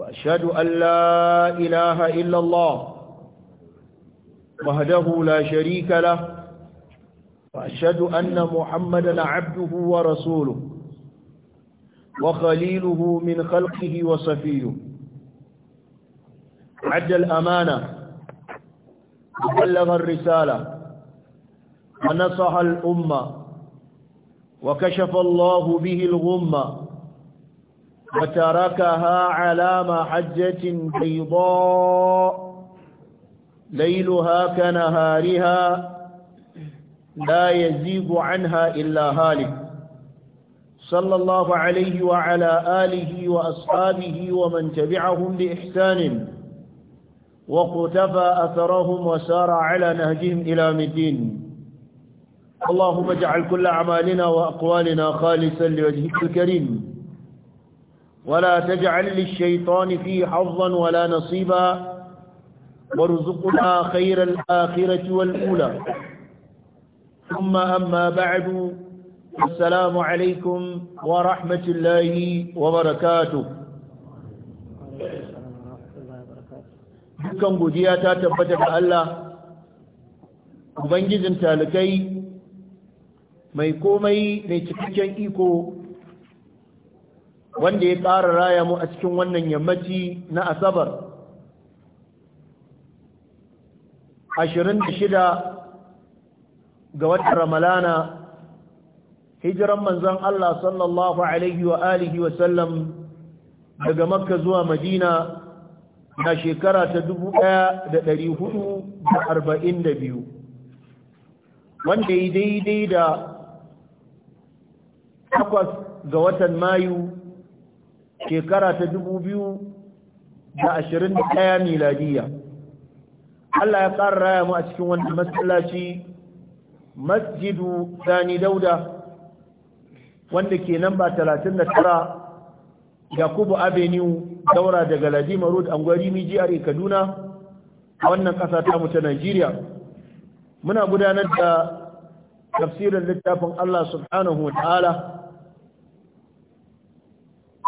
وأشهد أن لا إله إلا الله وهده لا شريك له وأشهد أن محمدا عبده ورسوله وخليله من خلقه وصفيه عد الأمانة وقلغ الرسالة ونصح الأمة وكشف الله به الغمة وتركها على محجة بيضاء ليلها كنهارها لا يزيد عنها إلا هالك صلى الله عليه وعلى آله وأصحابه ومن تبعهم بإحسان وقتفى أثرهم وسار على نهجهم إلى مدين اللهم اجعل كل أعمالنا وأقوالنا خالصا لوجهك الكريم ولا تجعل للشيطان في حظا ولا نصيبا وارزقنا خير الآخرة والأولى ثم أما بعد السلام عليكم ورحمة الله وبركاته dukkan godiya ta tabbata ga Allah ubangijin talikai mai komai mai cikakken iko wanda ya ƙara raya mu a cikin wannan yammaci na asabar 26 ga watan ramalana hijiran manzon Allah sallallahu alaihi wa alihi wa sallam daga makka zuwa madina na shekara ta 1442 wanda yi daidai da takwas ga watan mayu shekara ta dubu biyu da ashirin da ɗaya miladiya Allah ya ƙara raya mu a cikin wannan masallaci masjidu sani dauda wanda ke nan ba talatin da tara yakubu avenue daura daga ladima road gwari miji are kaduna a wannan ƙasa ta mu ta najeriya muna gudanar da tafsirin littafin allah subhanahu wa ta'ala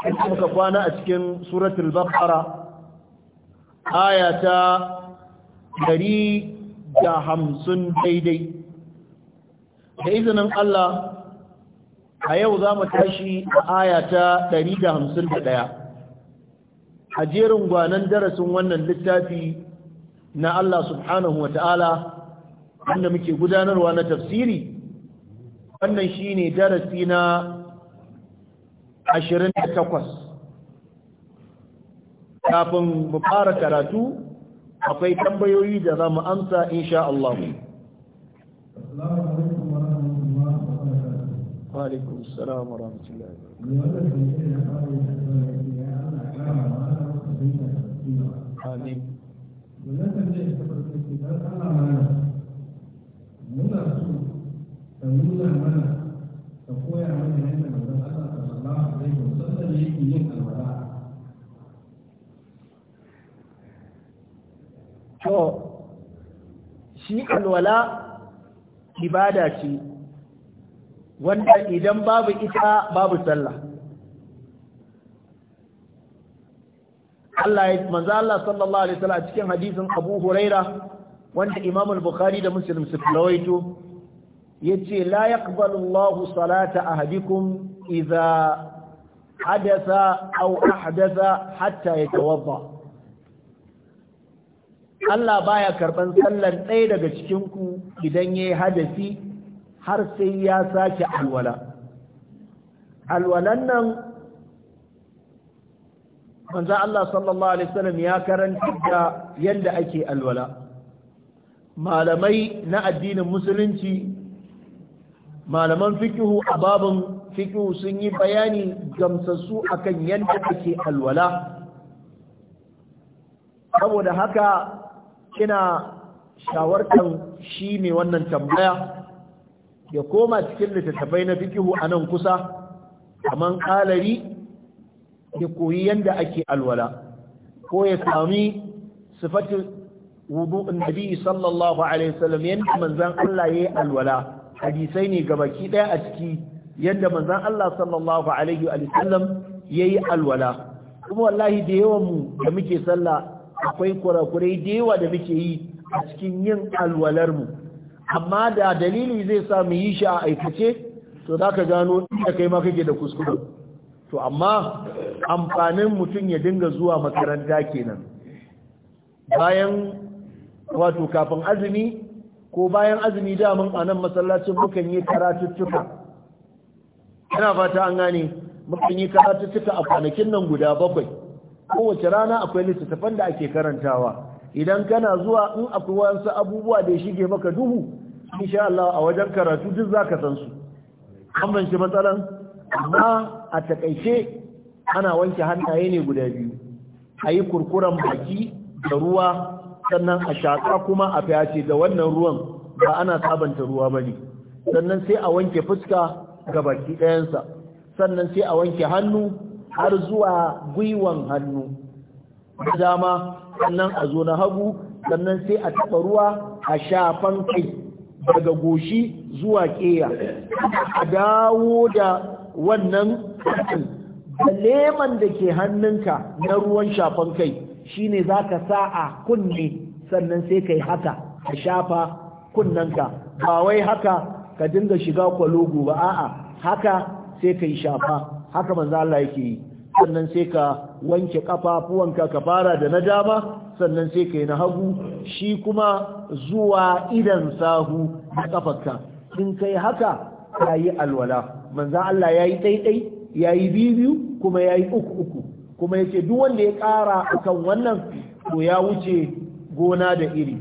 inda muka kwana a cikin suratul baqara aya da 150 daidai da izinin Allah a yau za mu tashi a aya ta 151 a jerin gwanan darasin wannan littafi na Allah subhanahu wa ta'ala wanda muke gudanarwa na tafsiri wannan shine darasi na ashirin da takwas kafin mu fara karatu akwai tambayoyi da za mu amsa insha Allah وعليكم السلام ورحمة الله آمين muna so ta nuna mana ta koya mana yadda sallallahu alaihi wasallam yake yin alwala to shi alwala ibada ce wanda idan babu ita babu sallah Allah ya manzo Allah sallallahu alaihi wasallam cikin hadisin Abu Huraira wanda Imam al-Bukhari da Muslim suka rawaito yace la yaqbalu Allahu salata ahadikum إذا حدث أو أحدث حتى يتوضأ Allah baya karban sallar ɗaya daga cikinku idan ya yi hadasi har sai ya sake alwala. Alwalan nan manzan Allah sallallahu Alaihi wasallam ya karanta da yadda ake alwala. Malamai na addinin musulunci, malaman fikihu a babin fiƙi sun yi bayani gamsassu akan yadda ake alwala saboda haka ina shawartan shi mai wannan tambaya ya koma cikin littattafai na fikihu a nan kusa kamar kalari ya koyi yadda ake alwala ko ya sami sifatin wudu'un nabi sallallahu alaihi wasallam yadda manzan Allah ya yi alwala hadisai ne gabaki ɗaya a ciki yadda manzon Allah sallallahu alaihi wa sallam yi alwala kuma wallahi da yawan mu da muke sallah akwai kurakurai da yawa da muke yi a cikin yin alwalar mu amma da dalili zai sa mu yi shi a aikace to za ka gano inda kai ma kake da kuskure to amma amfanin mutum ya dinga zuwa makaranta kenan bayan wato kafin azumi ko bayan azumi daman a nan masallacin mukan yi karatuttuka Yana fata an gane mukan yi cika a kwanakin nan guda bakwai kowace rana akwai littattafan da ake karantawa idan kana zuwa in akwai wasu abubuwa da ya shige maka duhu insha Allah a wajen karatu duk zaka san su an fahimci matsalan amma a takaice ana wanke hannaye ne guda biyu a yi baki da ruwa sannan a shaƙa kuma a fyace da wannan ruwan ba ana sabanta ruwa ba ne sannan sai a wanke fuska ga baki ɗayansa sannan sai a wanke hannu har zuwa gwiwan hannu da dama sannan a zo na hagu sannan sai a taɓa ruwa a shafan kai daga goshi zuwa ƙeya a dawo da wannan da leman da ke hannunka na ruwan shafan kai shi ne za ka sa a kunne sannan sai ka yi haka a shafa kunnanka ba wai haka ka dinga shiga kwalugu ba a'a haka sai ka yi shafa haka manzo Allah yake yi sannan sai ka wanke kafafuwanka ka fara da na dama sannan sai ka yi na hagu shi kuma zuwa idan sahu da kafarka in kai haka ka yi alwala manzo Allah ya yi ɗaiɗai ya yi biyu kuma ya yi uku uku kuma ya duk wanda ya ƙara akan wannan to ya wuce gona da iri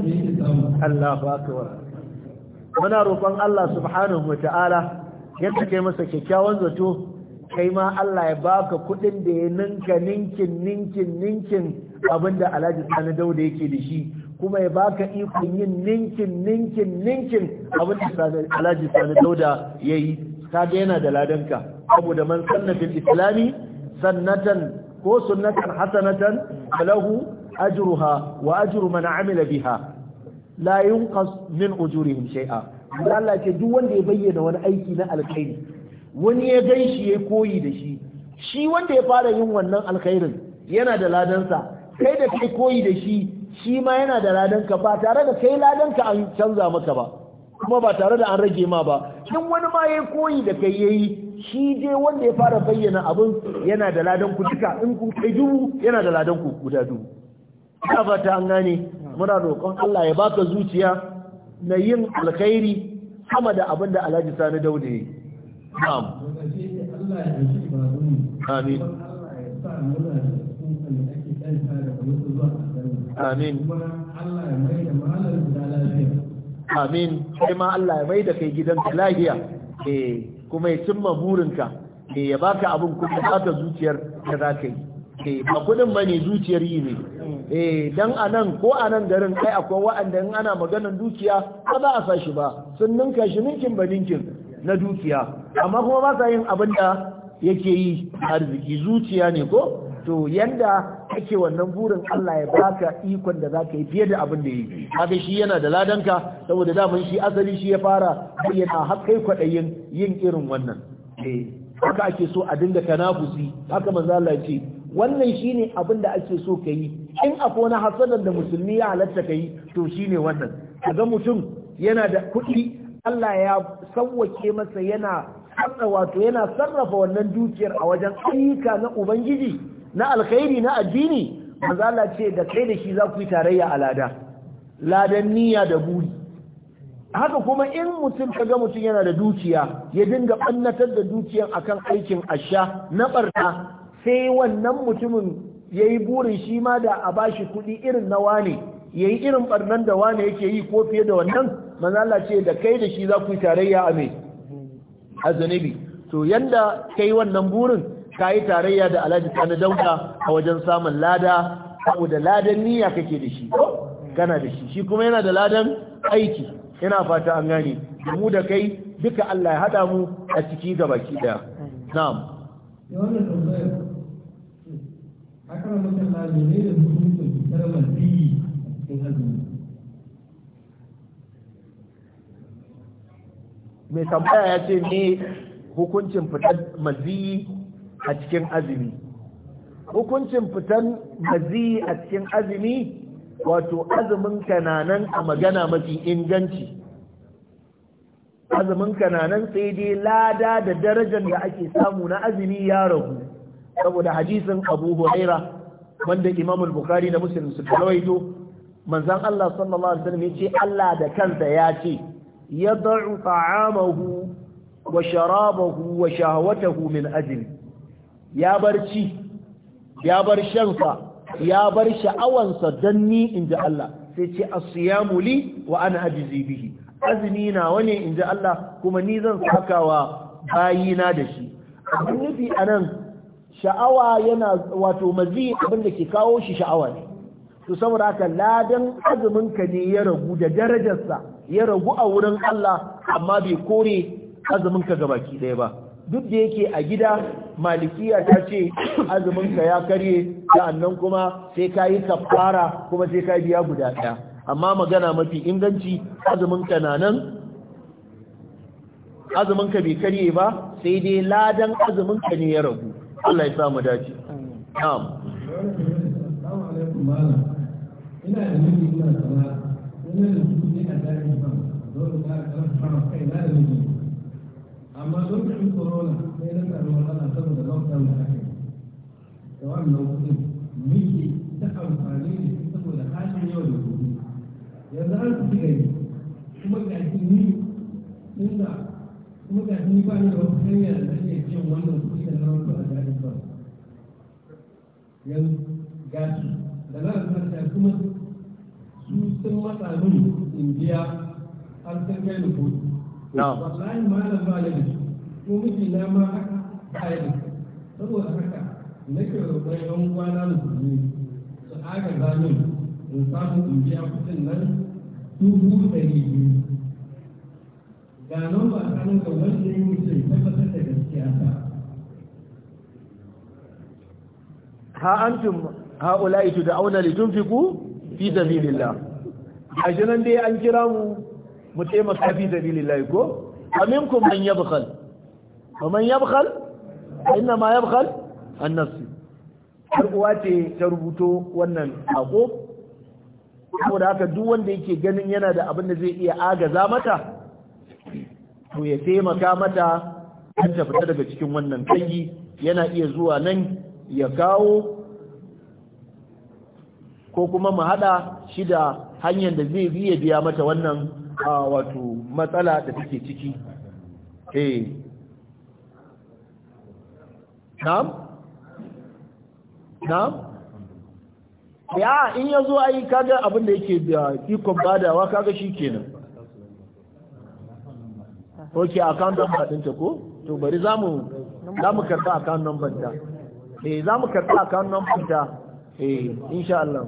Allah muna roƙon Allah subhanahu wataala yadda kai masa kyakkyawan zato kai ma Allah ya baka kuɗin da ya ninka ninkin ninkin ninkin abinda Alhaji Sani Dauda yake da shi kuma ya baka ikon yin ninkin ninkin ninkin abinda Alhaji Sani Dauda yayi kaga yana da ladanka saboda man sannatil islami sannatan ko sunnatan hasanatan falahu ajruha wa ajru man amila biha la yunqas min ujurihim shay'a Allah duk wanda ya bayyana wani aiki na alkhairi wani ya gaishe shi ya koyi da shi shi wanda ya fara yin wannan alkhairin yana da ladansa kai da kai koyi da shi shi ma yana da ladanka ba tare da kai ladanka an canza maka ba kuma ba tare da an rage ma ba in wani ma ya koyi da kai yayi shi je wanda ya fara bayyana abin yana da ladan ku duka in kun kai duhu yana da ladan ku guda dubu ina fata an gane muna roƙon Allah ya baka zuciya na yin alkhairi sama da abin da Alhaji Sani Dauda yi na'am amin amin amin sai ma Allah ya maida kai gidanka lahiya eh kuma ya cimma burinka eh ya baka abin kuma ka zuciyar da za ka yi Eh, ba kudin ba ne zuciyar yi ne eh dan anan ko anan garin kai akwai wa'anda in ana maganar dukiya ba za a sa ba sun ninka shi ninkin ba ninkin na dukiya amma kuma ba sa yin abin da yake yi arziki zuciya ne ko to yanda kake wannan burin Allah ya baka ikon da zaka yi fiye da abin da yi haka shi yana da ladanka saboda da daman shi asali shi ya fara bayyana har kwaɗayin kwadayin yin irin wannan eh haka ake so a dinga tanafusi haka manzo Allah ya ce wannan shine abin da ake so ka yi in akwai na hasadar da musulmi ya halatta ka yi to shine wannan kaga mutum yana da kuɗi Allah ya sauwake masa yana sarrafa wato yana sarrafa wannan dukiyar a wajen ayyuka na ubangiji na alkhairi na addini manzo Allah ce da kai da shi za ku yi tarayya a lada ladan niyya da buri haka kuma in mutum kaga mutum yana da dukiya ya dinga bannatar da dukiyar akan aikin asha na barna sai wannan mutumin ya yi burin shi ma da a bashi kuɗi irin na wane ya yi irin ɓarnan da wane yake yi ko fiye da wannan manzala ce da kai da shi za ku yi tarayya a mai a to yanda ka yi wannan burin ka yi tarayya da alhaji na dauka a wajen samun lada saboda ladan niyya kake da shi kana da shi shi kuma yana da ladan aiki yana fata an gane mu da kai duka Allah ya haɗa mu a ciki gabaki daya na'am akan mutum na ne da hukuncin fitar mazi a cikin azumi mai tambaya ya ce ne hukuncin fitar mazi a cikin azumi hukuncin fitan mazi a cikin azumi wato azumin kananan a magana mafi inganci azumin kananan sai dai lada da darajar da ake samu na azumi ya ragu saboda hadisin Abu Huraira wanda imamul Bukhari da Muslim su rawaito manzon Allah sallallahu alaihi wasallam yace Allah da kansa ya ce yad'u ta'amahu wa sharabahu wa shahwatahu min ajli ya bar ci ya bar shansa ya bar sha'awansa dan ni inji Allah sai ce as-siyamu li wa ana ajzi bihi azumi na wani inji Allah kuma ni zan saka wa bayina da shi abin nufi anan sha'awa yana wato mazi abinda ke kawo shi sha'awa ne to saboda haka ladan azumin ka ne ya ragu da darajarsa ya ragu a wurin Allah amma bai kore azumin ka gabaki ɗaya ba duk da yake a gida malikiya ta ce azumin ka ya karye sa'annan kuma sai ka yi kafara kuma sai ka biya guda ɗaya amma magana mafi inganci azumin ka na nan azumin ka bai karye ba sai dai ladan azumin ka ne ya ragu Allah ya samu dace na'am ina da kai corona sai na saboda lockdown da da wannan kuɗin ta amfani da shi saboda yau da gobe yanzu an fi kuma ga ni inda kuma ga ni ba ni da wata da ake cin wannan da na wata yan gasu da za su mata kuma su sun matsa min in biya har sun kai ni kuɗi. Wallahi malam ba ya da ko miji na ma haka ba ya da saboda haka nake roƙon yan uwana musulmi su agaza min in samu in biya kuɗin nan dubu ɗari biyu. Ga nan ba a tsanin ga wanda ya yi mutum tabbatar da gaskiya ta. ha antum haula'i tud'auna litunfiqu fi sabilillah ajinan dai an kira mu mu taimaka fi sabilillah ko aminkum man yabkhal wa man yabkhal inna ma yabkhal an nafs har ta rubuto wannan ako saboda haka duk wanda yake ganin yana da abin da zai iya agaza mata to ya taimaka mata an ta fita daga cikin wannan kangi yana iya zuwa nan ya kawo ko kuma mu hada shi da hanyar da zai biya biya mata wannan wato matsala da take ciki eh na'am na'am ya in yazo zo ai kaga abin da yake da ikon badawa kaga shi kenan ok account number ɗinta ko to bari za mu karɓi account number ta eh za mu karɓi a kan nan fita eh insha Allah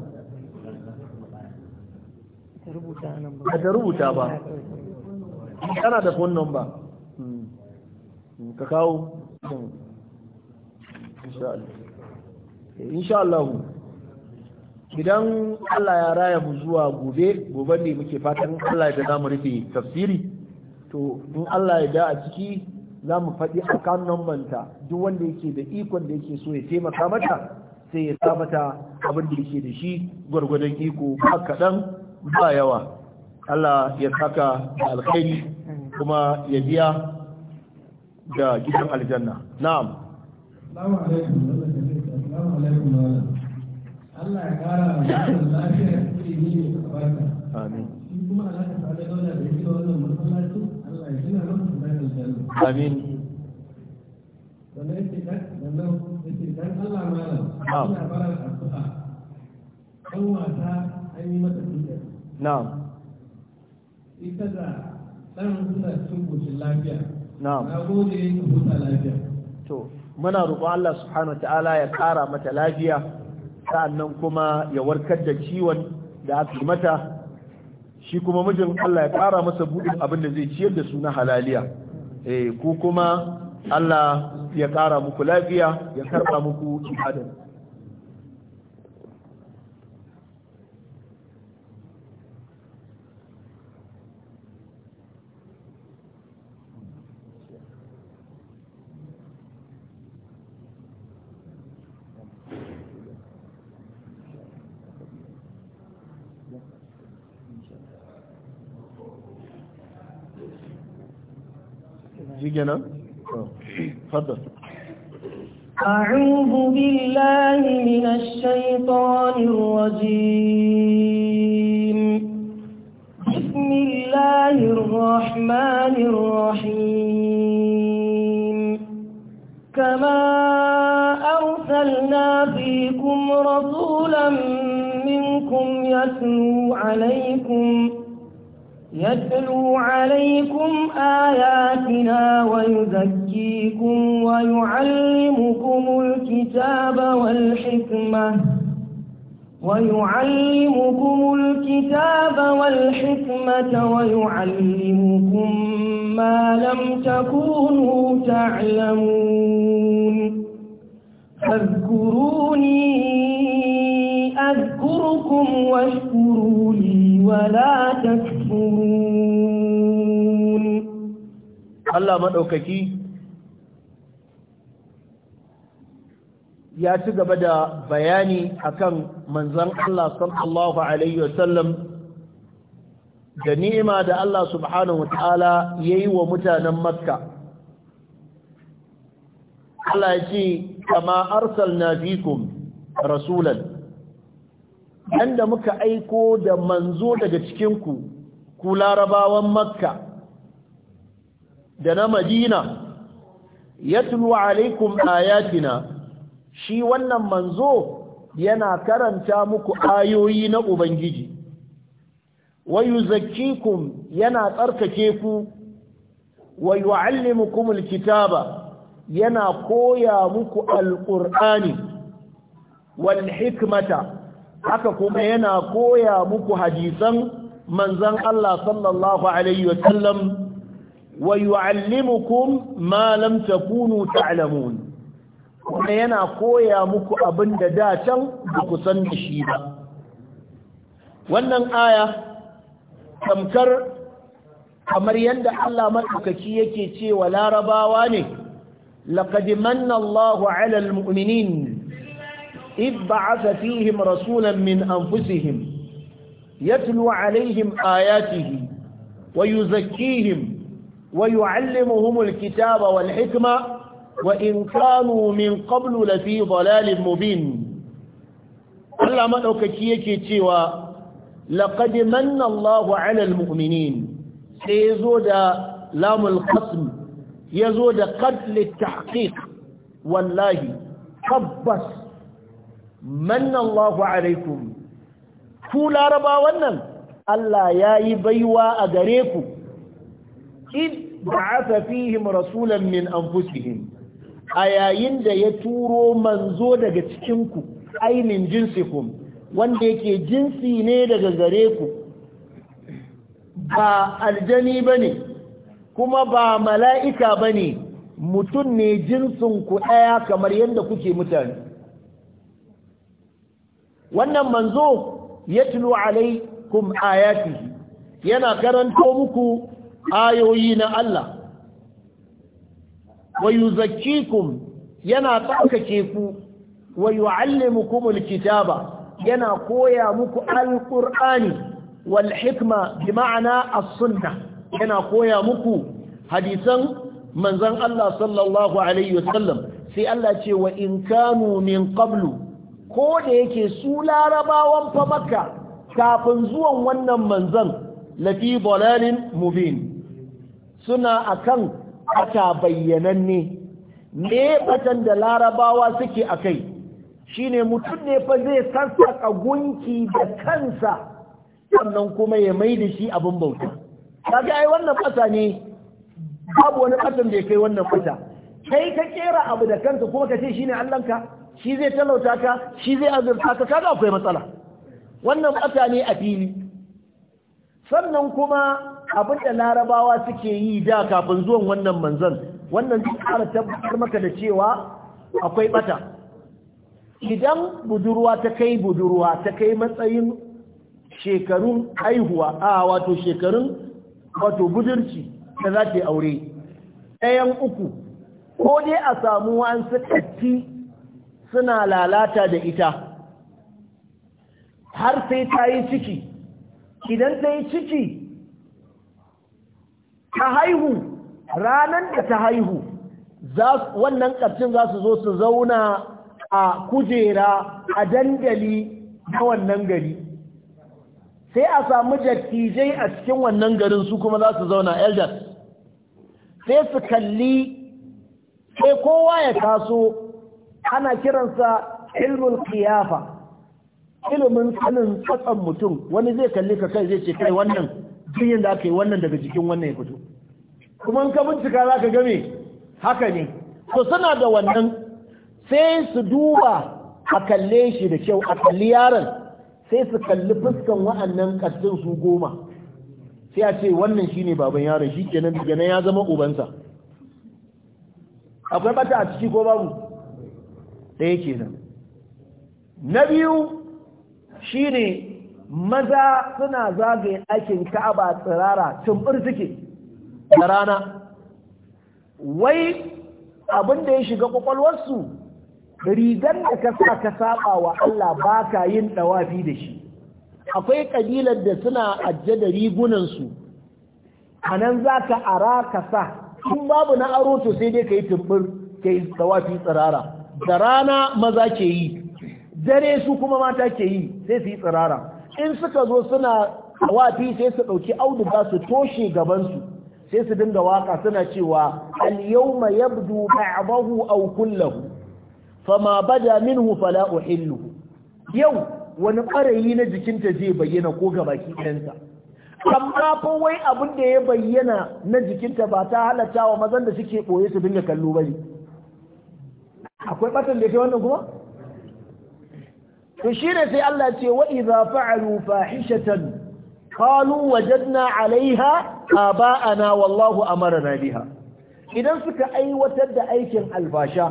ba ta rubuta ba kana da phone number hmm. ka kawo eh, insha Allah idan Allah ya raya mu zuwa gobe gobe ne muke fatan Allah ya da mu rufe tafsiri to in Allah ya da a ciki za mu faɗi akan numbanta duk wanda yake da ikon da yake so ya taimaka mata sai ya sa abin da yake da shi gwargwadon iko ba kaɗan ba yawa Allah ya saka da alkhairi kuma ya biya da gidan aljanna na'am Allah ya kara lafiya da Kuma Allah ya da wannan amin na'am ita da ɗan suna cikin gushin lafiya na'am na gode ka huta lafiya to muna roƙon Allah subhanahu ta'ala ya ƙara mata lafiya sa'annan kuma ya warkar da ciwon da aka mata shi kuma mijin Allah ya ƙara masa buɗin abin da zai ciyar da su na halaliya Eh, ku kuma Allah ya ƙara muku lafiya ya karɓa muku ibadar جينا آه. تفضل أعوذ بالله من الشيطان الرجيم بسم الله الرحمن الرحيم كما أرسلنا فيكم رسولا منكم يتلو عليكم يتلو عليكم آياتنا ويزكيكم ويعلمكم الكتاب والحكمة ويعلمكم الكتاب والحكمة ويعلمكم ما لم تكونوا تعلمون فاذكروني أذكركم واشكروا لي ولا تكفرون Allah maɗaukaki ya ci gaba da bayani akan manzan Allah sallallahu Alaihi wasallam da ni'ima da Allah subhanahu wa ta'ala ya yi wa mutanen Makka. Allah ya ce, kama arsalna fikum rasulan yanda muka aiko da manzo daga cikinku ku larabawan makka da na madina yatlu alaikum ayatina shi wannan manzo yana karanta muku ayoyi na ubangiji wayuzakkikum yana tsarkake ku wayuallimukum alkitaba yana koya muku alqur'ani wal hikmata haka kuma yana koya muku hadisan manzon Allah sallallahu alaihi wasallam wa yu'allimukum ma lam takunu ta'lamun kuma yana koya muku abin da da can ba ku san da shi ba wannan aya tamkar kamar yadda Allah maɗaukaki yake cewa larabawa ne laqad manna Allahu 'ala al-mu'minin إذ بعث فيهم رسولا من أنفسهم يتلو عليهم آياته him? ويعلمهم الكتاب والحكمة وإن كانوا من قبل لفي ضلال مبين الله مدوككي تيوا لقد من الله على المؤمنين سيزود لام القسم يزود قد للتحقيق والله تبس من الله عليكم كل ربا ونن الله ياي بيوا أدريكم إذ ba'atha fihim rasulan min anfusihim a yayin da ya turo manzo daga cikin ku ainin jinsikum wanda yake jinsi ne daga gare ku ba aljani bane kuma ba mala'ika bane mutum ne jinsin ku ɗaya kamar yadda kuke mutane wannan manzo ya tilo alaikum ayatihi yana karanto muku ayoyi na Allah wayu yuzakkikum yana tsarkake ku wa yu'allimukumul kitaba yana koya muku alqur'ani wal hikma bi ma'ana as-sunnah yana koya muku hadisan manzon Allah sallallahu alaihi wasallam sai Allah ce wa in kanu min qablu ko da yake su larabawan fa makka kafin zuwan wannan manzon lafi dalalin mubin suna akan ata bayyananne Nebatan batan da larabawa suke akai shine mutum ne fa zai sassaka gunki da kansa sannan kuma ya mai da shi abin bauta kaga ai wannan ƙasa ne babu wani batan da ya kai wannan bata kai ka kera abu da kanka kuma ka ce shine Allahnka shi zai talauta ka shi zai azurta ka kaga akwai matsala wannan ƙasa ne a fili sannan kuma abin da larabawa suke yi da kafin zuwan wannan manzan, wannan zai ƙara tabbatar maka da cewa akwai bata idan budurwa ta kai budurwa ta kai matsayin shekarun haihuwa a wato shekarun wato budurci da za ta yi aure ɗayan uku ko dai a samu wa'ansu ƙatti suna lalata da ita har sai ta yi ciki idan ta yi ciki ta haihu ranan da ta haihu wannan ƙarfin za su zo su zauna a kujera a dandali na wannan gari sai a samu dattijai a cikin wannan garin su kuma za su zauna elders sai su kalli sai kowa ya taso ana kiransa ilmin kiyafa ilimin sanin tsatsan mutum wani zai kalli ka kai zai ce kai wannan duk yadda aka yi wannan daga jikin wannan ya fito kuma in ka bincika za ka game haka ne to suna da wannan sai su duba a kalle shi da kyau a kalli yaron sai su kalli fuskan wa'annan kastin su goma sai a ce wannan shi ne baban yaron shi kenan daga nan ya zama ubansa akwai bata a ciki ko babu ɗaya kenan na biyu shi ne. maza suna zagaye ɗakin ka'aba tsirara tumbur suke da rana wai abin da ya shiga kwakwalwarsu rigar da ka sa ka saba wa Allah baka yin dawafi da shi akwai kabilar da suna ajje da rigunansu a nan za ka ara ka sa in babu na aro to sai dai ka yi tumbur ka dawafi tsirara da rana maza ke yi dare su kuma mata ke yi sai su yi tsirara in suka zo suna wafi sai su ɗauki auduga su toshe gabansu sai su dinga waka suna cewa al-yawma yabdu ba'dahu aw kullahu fama bada minhu fala uhillu yau wani ɓarayi na jikinta zai bayyana ko gabaki ɗansa amma fa wai abin da ya bayyana na jikinta ba ta halatta wa mazan da suke ɓoye su dinga kallo bane akwai ɓatan da ya wannan kuma to shine sai Allah ce wa idza fa'alu fahishatan qalu wajadna 'alayha aba'ana wallahu amarna biha idan suka aiwatar da aikin albasha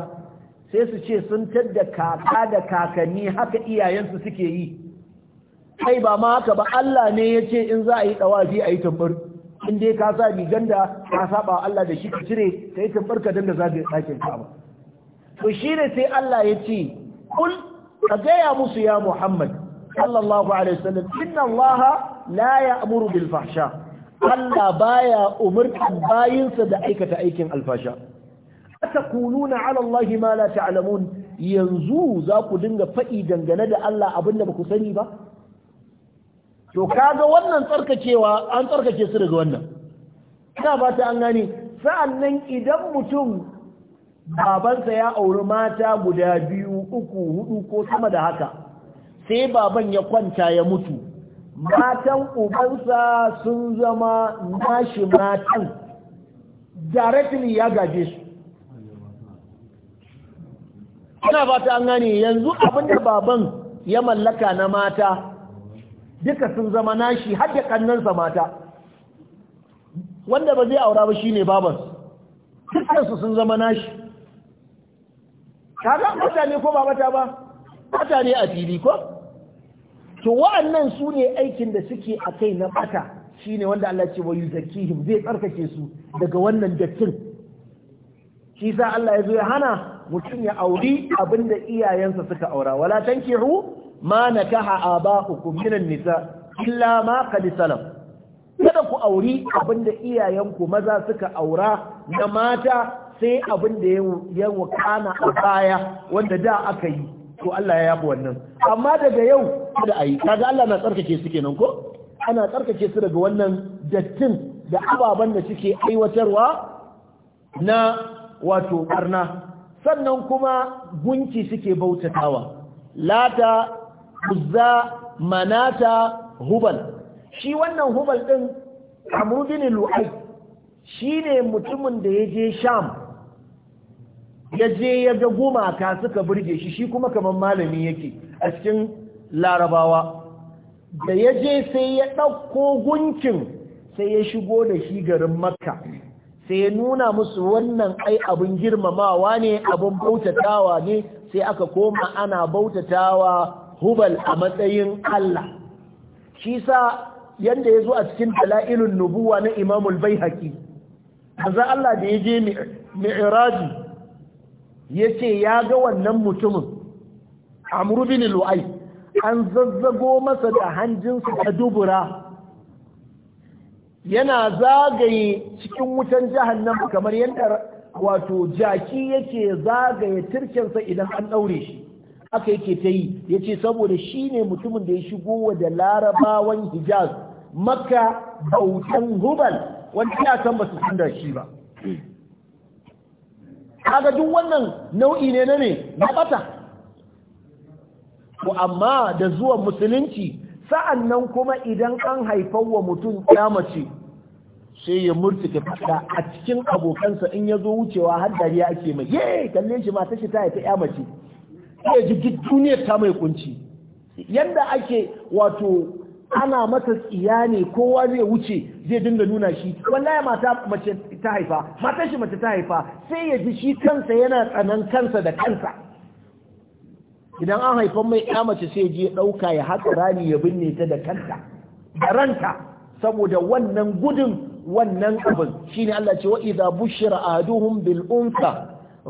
sai su ce sun tadda kaka da kakanni haka iyayensu suke yi kai ba ma haka ba Allah ne ya ce in za a yi dawafi a yi tabbar in dai ka sa rigan da ka saba Allah da shi ka cire ka yi ka da zaka ka ba to shine sai Allah ya ce kul ka gaya musu ya Muhammad sallallahu alaihi wasallam inna Allah la ya'muru bil fahsha Allah baya umurtan bayinsa da aikata aikin alfasha atakununa ala Allah ma la ta'lamun yanzu za ku dinga faɗi dangane da Allah abinda baku sani ba to kaga wannan tsarkakewa an tsarkake su daga wannan ina ba ta an gane sa'annan idan mutum babansa ya auri mata guda biyu uku hudu ko sama da haka sai baban ya kwanta ya mutu matan ubansa sun zama nashi matan directly ya gaje su ina fata an gane yanzu abinda baban ya mallaka na mata duka sun zama nashi har da kannansa mata wanda ba zai aura ba shine babansu dukkansu sun zama nashi kaga mutane mutane ko ba mata ba Mutane a fili ko to wa'annan su ne aikin da suke a kai na bata shine wanda Allah ce wa yuzakihim zai tsarkake su daga wannan dattin shi sa Allah ya zo ya hana mutum ya auri abinda iyayensa suka aura wala tankihu ma nakaha aba'ukum minan nisa illa ma qad salam kada ku auri abinda iyayenku maza suka aura na mata sai abin da ya wakana a baya wanda da aka yi to Allah ya yafi wannan amma daga yau da ayi kaga Allah na tsarkake su kenan ko ana tsarkake su daga wannan dattin da ababan da suke aiwatarwa na wato karna sannan kuma gunki suke bautatawa lata uzza manata hubal shi wannan hubal din amru bin lu'ay shine mutumin da ya je sham ya je ya ga gumaka suka burge shi shi kuma kamar malami yake a cikin larabawa da ya je sai ya ɗauko gunkin sai ya shigo da shi garin makka sai ya nuna musu wannan ai abin girmamawa ne abin bautatawa ne sai aka koma ana bautatawa hubal a matsayin Allah shi sa yadda ya zo a cikin dala'ilun nubuwa na imamul bai haƙi Allah da ya je mi'iraji ya ce ya ga wannan mutumin amru bin lu'ai an zazzago masa da hanjinsa ta dubura yana zagaye cikin wutan jahannam kamar yadda wato jaki yake zagaye turkensa idan an daure shi aka yake ta yi ya ce saboda shi ne mutumin da ya shigo da larabawan hijaz makka bautan hubal wanda ya san ba su shi ba kaga duk wannan nau'i ne na ne na bata to amma da zuwan musulunci sa'an nan kuma idan an haifar wa mutum mace sai ya murtuke fada a cikin abokansa in ya zo wucewa har dariya ake mai ye kalle shi mata shi ta haifi mace ya ji duniyar ta mai kunci Yadda ake wato ana mata tsiya ne kowa zai wuce zai dinga nuna shi wallahi mata mace ta haifa Mata shi mace ta haifa sai ya ji shi kansa yana tsanan kansa da kansa idan an haifan mai ya mace sai je ɗauka ya haka rani ya binne ta da kanta da ranta saboda wannan gudun wannan abin shine Allah ce wa idza bushira aduhum bil unsa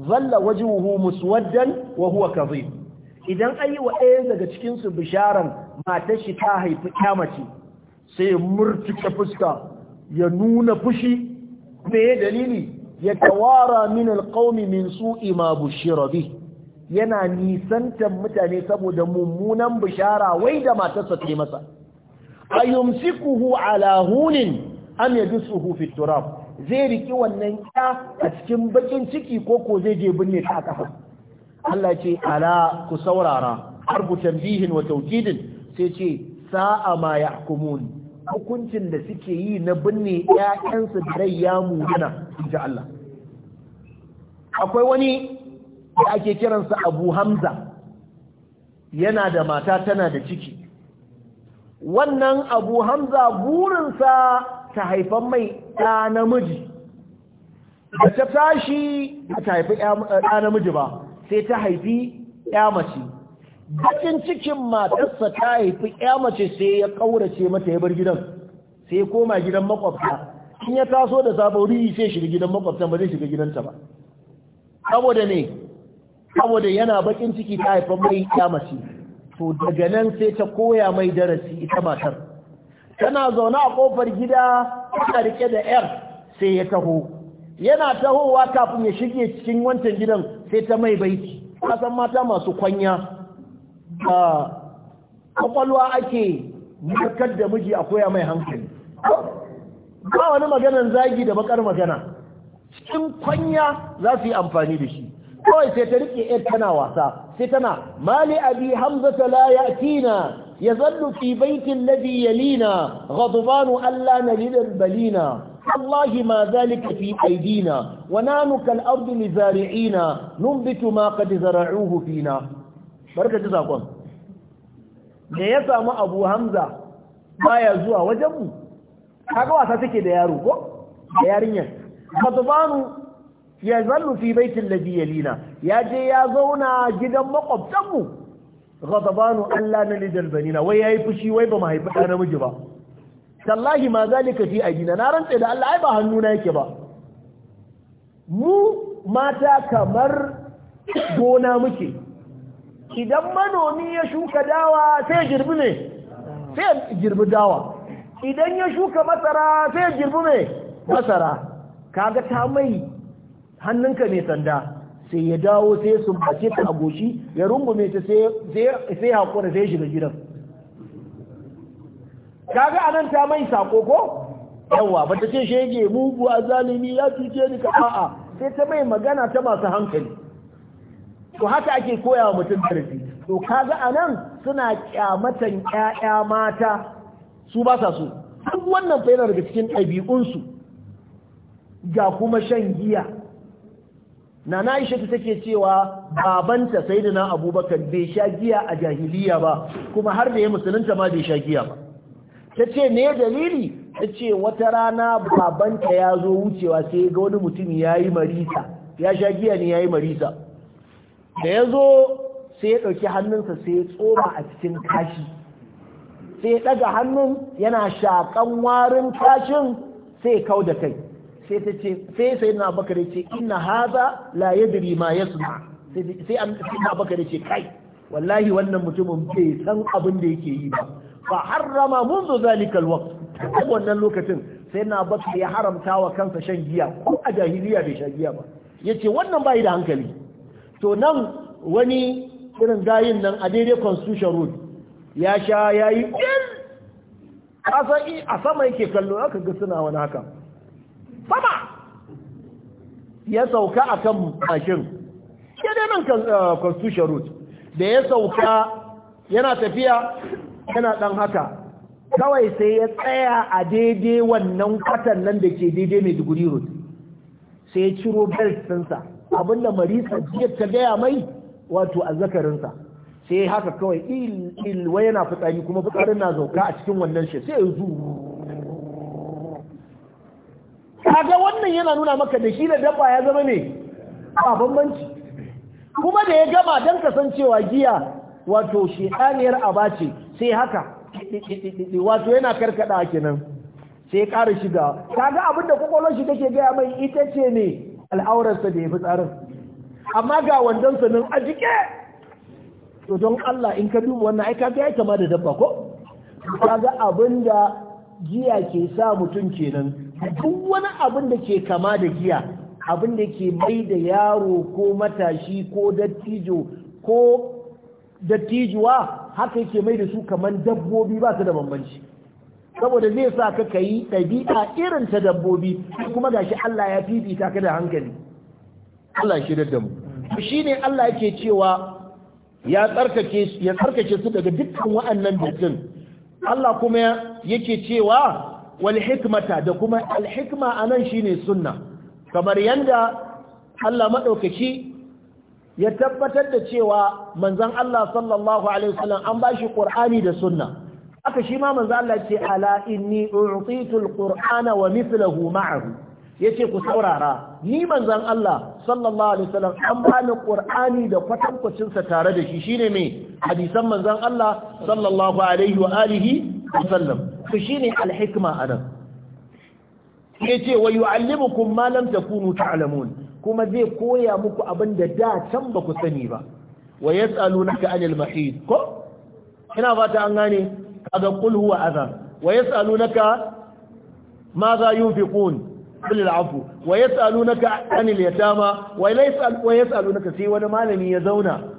dhalla wajhuhu muswaddan wa huwa kadhib idan an yi wa ɗaya daga cikinsu bisharan matar shi ta haifi kyamace sai ya murtuka fuska ya nuna fushi me dalili ya tawara min alqaumi min su'i ma bushira yana nisantar mutane saboda mummunan bishara wai da matarsa ta masa ayumsikuhu ala hunin am yadsuhu fi turab zai riki wannan ya a cikin bakin ciki ko ko zai je binne ta kafa Allah ce ala ku saurara harbu tambihin wa taukidin sai ce sa'a ma yahkumun hukuncin da suke yi na binne ƴaƴansu da rai ya mudana inji Allah akwai wani da ake kiransa Abu Hamza yana da mata tana da ciki wannan Abu Hamza burinsa ta haifan mai ɗa namiji da ta tashi ta haifi ɗa namiji ba sai ta haifi ya mace bakin cikin matarsa ta haifi ya mace sai ya ƙaurace mata ya bar gidan sai ya koma gidan makwabta in ya taso da sabori sai shiga gidan makwabta ba zai shiga gidanta ba saboda ne saboda yana bakin ciki ta haifan mai ya mace to daga nan sai ta koya mai darasi ita matar tana zaune a ƙofar gida ta rike da yar sai ya taho yana tahowa kafin ya shige cikin wancan gidan sai ta mai baiti kasan mata masu kwanya a kwakwalwa ake markar da miji a koya mai hankali ba wani maganan zagi da bakar magana cikin kwanya za su yi amfani da shi kawai sai ta rike yar tana wasa sai tana mali abi hamzata la yatina yazallu fi baiti alladhi yalina ghadbanu alla nalid albalina والله ما ذلك في أيدينا ونحن كالأرض لزارعين ننبت ما قد زرعوه فينا بركة جزاكم me ya samu abu hamza baya zuwa wajenmu kaga wasa take da yaro ko ya zallu fi baitin ladhi ya je ya zauna gidan makwabtan mu ghadabanu Allah na lidal banina wai yayi fushi wai ba mahaifi da namiji ba tallahi ma zalika a ajina na rantse da Allah ai ba hannuna yake ba mu mata kamar gona muke idan manomi ya shuka dawa sai girbi ne sai girbi dawa idan ya shuka masara sai girbi ne masara kaga ta mai hannunka mai sanda sai ya dawo sai ya sumbace ta a goshi ya rungume ta sai ya haƙura sai ya shiga gidan kaga anan ta mai sako ko yawa ba ta ce shege mugu a zalimi ya cuce ni ka a'a sai ta mai magana ta masu hankali to haka ake koya wa mutum darasi to kaga anan suna kyamatan ƴaƴa mata su ba sa so duk wannan fa yana daga cikin ɗabi'unsu ga kuma shan giya nana aisha ta take cewa babanta sai da sayyidina abubakar bai sha giya a jahiliya ba kuma har da ya musulunta ma bai sha giya ba ta ce ne dalili ta ce wata rana babanta ya zo wucewa sai ga wani mutum ya yi marisa ya sha giya ne ya yi marisa da ya zo sai ya ɗauki hannunsa sai ya tsoma a cikin kashi sai ya ɗaga hannun yana shaƙan warin kashin sai ya kau da kai sai ta ce sai sai na bakar ce inna haza la yadri ma yasma sai an na bakar ce kai wallahi wannan mutumin bai san abin da yake yi ba fa harrama منذ ذلك الوقت wannan lokacin sai na bakar ya haramta wa kansa shan giya ko a jahiliya bai shan giya ba yace wannan bai da hankali to nan wani irin gayin nan a daidai constitution road ya sha yayi a sama yake kallo aka ga suna wani haka sama ya sauka a kan mashin ya nan eh, constitution route da ya sauka yana tafiya yana dan haka kawai sai ya tsaya a daidai wannan kwatan nan da ke daidai mai duguri road sai ya ciro belt ɗinsa abinda marisa jiya ta gaya mai wato zakarinsa sai haka kawai il yana fitsari kuma fitsarin na zauka a cikin wannan shi sai ya zuwa kaga wannan yana nuna maka da shi da dabba ya zama ne a bambanci kuma da ya gama don kasancewa giya wato shedaniyar aba ce sai haka wato yana karkada kenan sai ya ƙara shiga kaga abin da kwakwalwar shi take gaya mai ita ce ne al'aurarsa da ya fi tsarin amma ga wandonsa nan a jike to don Allah in ka duba wannan ai kaga ya kama da dabba ko kaga abin da giya ke sa mutum kenan duk wani abin da ke kama da giya abin da ke mai da yaro ko matashi ko dattijo ko dattijuwa haka yake mai da su kamar dabbobi ba su da bambanci saboda zai sa ka kayi ɗabi'a irin ta dabbobi kuma gashi Allah ya fifita ka da hankali Allah shi da mu shine Allah yake cewa ya tsarkake ya tsarkake su daga dukkan wa'annan dattin Allah kuma yake cewa wal hikmata da kuma al hikma anan shine sunna kamar yadda Allah madaukaki ya tabbatar da cewa manzan Allah sallallahu alaihi wasallam an bashi ƙur'ani da sunna aka shi ma manzan Allah ce ala inni u'titu al wa mislahu ma'ahu yace ku saurara ni manzan Allah sallallahu alaihi wasallam an bani qur'ani da kwatankwacinsa tare da shi shine mai hadisan manzan Allah sallallahu alaihi wa alihi wasallam to shine alhikma anan yace wa yu'allimukum ma lam takunu ta'lamun kuma zai koya muku abinda da can ba ku sani ba wa yas'alunaka anil mahid ko ina fata an gane kaga qul huwa adha wa yas'alunaka ماذا ينفقون قل العفو ويسألونك عن اليتامى ويسأل sai wani malami ya zauna?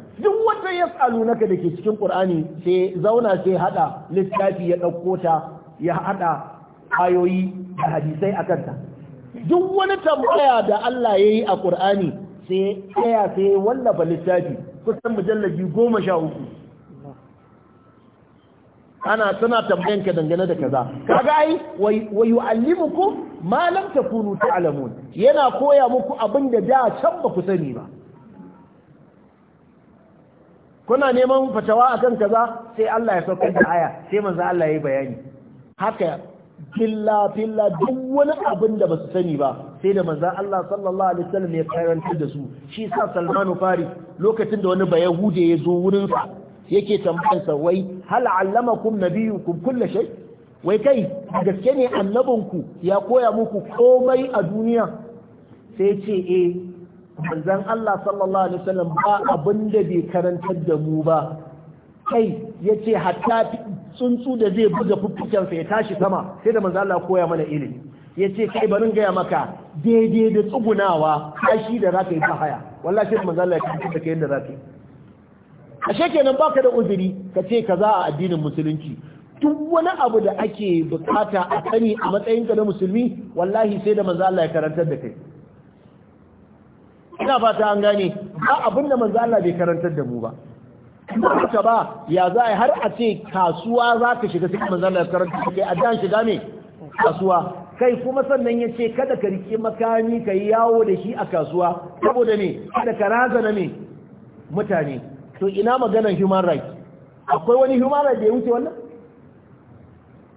yas'alunaka da ke cikin Qur'ani sai zauna sai hada littafi ya dauko ta ya hada ayoyi da hadisai akan ta duk wani tambaya da Allah yayi a Qur'ani sai ya sai wallafa littafi kusan mujallabi goma sha uku ana tana tambayan ka dangane da kaza kaga ai wa yu'allimukum ma lam takunu ta'lamun yana koya muku abin da da can ba ku sani ba kuna neman fatawa akan kaza sai Allah ya saukar da aya sai manzo Allah ya yi bayani haka billa filla duk wani abin da basu sani ba sai da manzo Allah sallallahu alaihi wasallam ya karantar da su shi sa Salmanu Fari lokacin da wani bayahude ya zo wurin sa yake tambayar sa wai hal allamakum nabiyukum kullu shay wai kai gaske ne annabinku ya koya muku komai a duniya sai ce eh manzon Allah sallallahu alaihi wasallam ba abin da bai karantar da mu ba kai yace hatta tsuntsu da zai buga fuffukensa ya tashi sama sai da manzan Allah koya mana ilimi yace kai barin gaya maka daidai da tsugunawa kashi da za ka yi ta haya wallahi sai manzo Allah ya kace kai za ka yi ashe kenan baka da uzuri ka ce kaza a addinin musulunci duk wani abu da ake bukata a sani a matsayin ka na musulmi wallahi sai da manzo Allah ya karantar da kai ina fata an gane ba abin da manzo Allah bai karantar da mu ba ba ba ya za a har a ce kasuwa za ka shiga sai manzo Allah ya karantar kai dan shiga ne kasuwa kai kuma sannan ya ce kada ka rike makami ka yi yawo da shi a kasuwa saboda ne kada ka razana ne mutane to ina maganar human rights akwai wani human rights da ya wuce wannan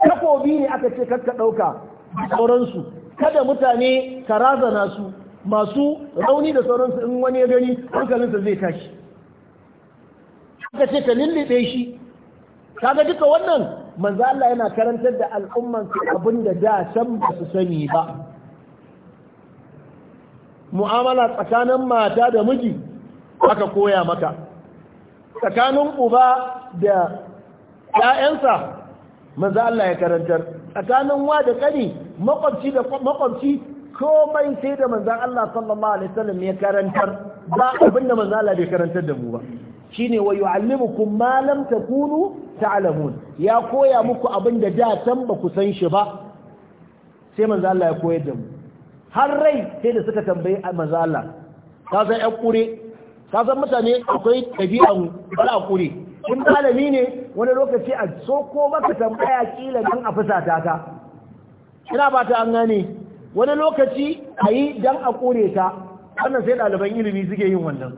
takobi ne aka ce kakka ɗauka sauransu kada mutane ka razana su masu rauni da sauransu in wani ya gani hankalinsa zai tashi aka ce ka lullube shi kaga duka wannan manzo Allah yana karantar da al'umman su abinda da can ba su sani ba mu'amala tsakanin mata da miji aka koya maka tsakanin uba da 'ya'yansa manzo Allah ya karantar tsakanin wa da kani makwabci da makwabci komai sai da manzan Allah sallallahu alaihi wasallam ya karantar ba abin da manzan Allah bai karantar da mu ba shine wa yu'allimukum ma lam takunu ta'lamun ya koya muku abin da da tan ba ku san shi ba sai manzan Allah ya koyar da mu har rai sai da suka tambayi manzan Allah ka san ƴan kure ka san mutane akwai tabi'an bala kure Kun malami ne wani lokaci a soko maka tambaya kila dan a fusata ka ina ba ta an gane wani lokaci a yi don a kore ta wannan sai ɗaliban ilimi suke yin wannan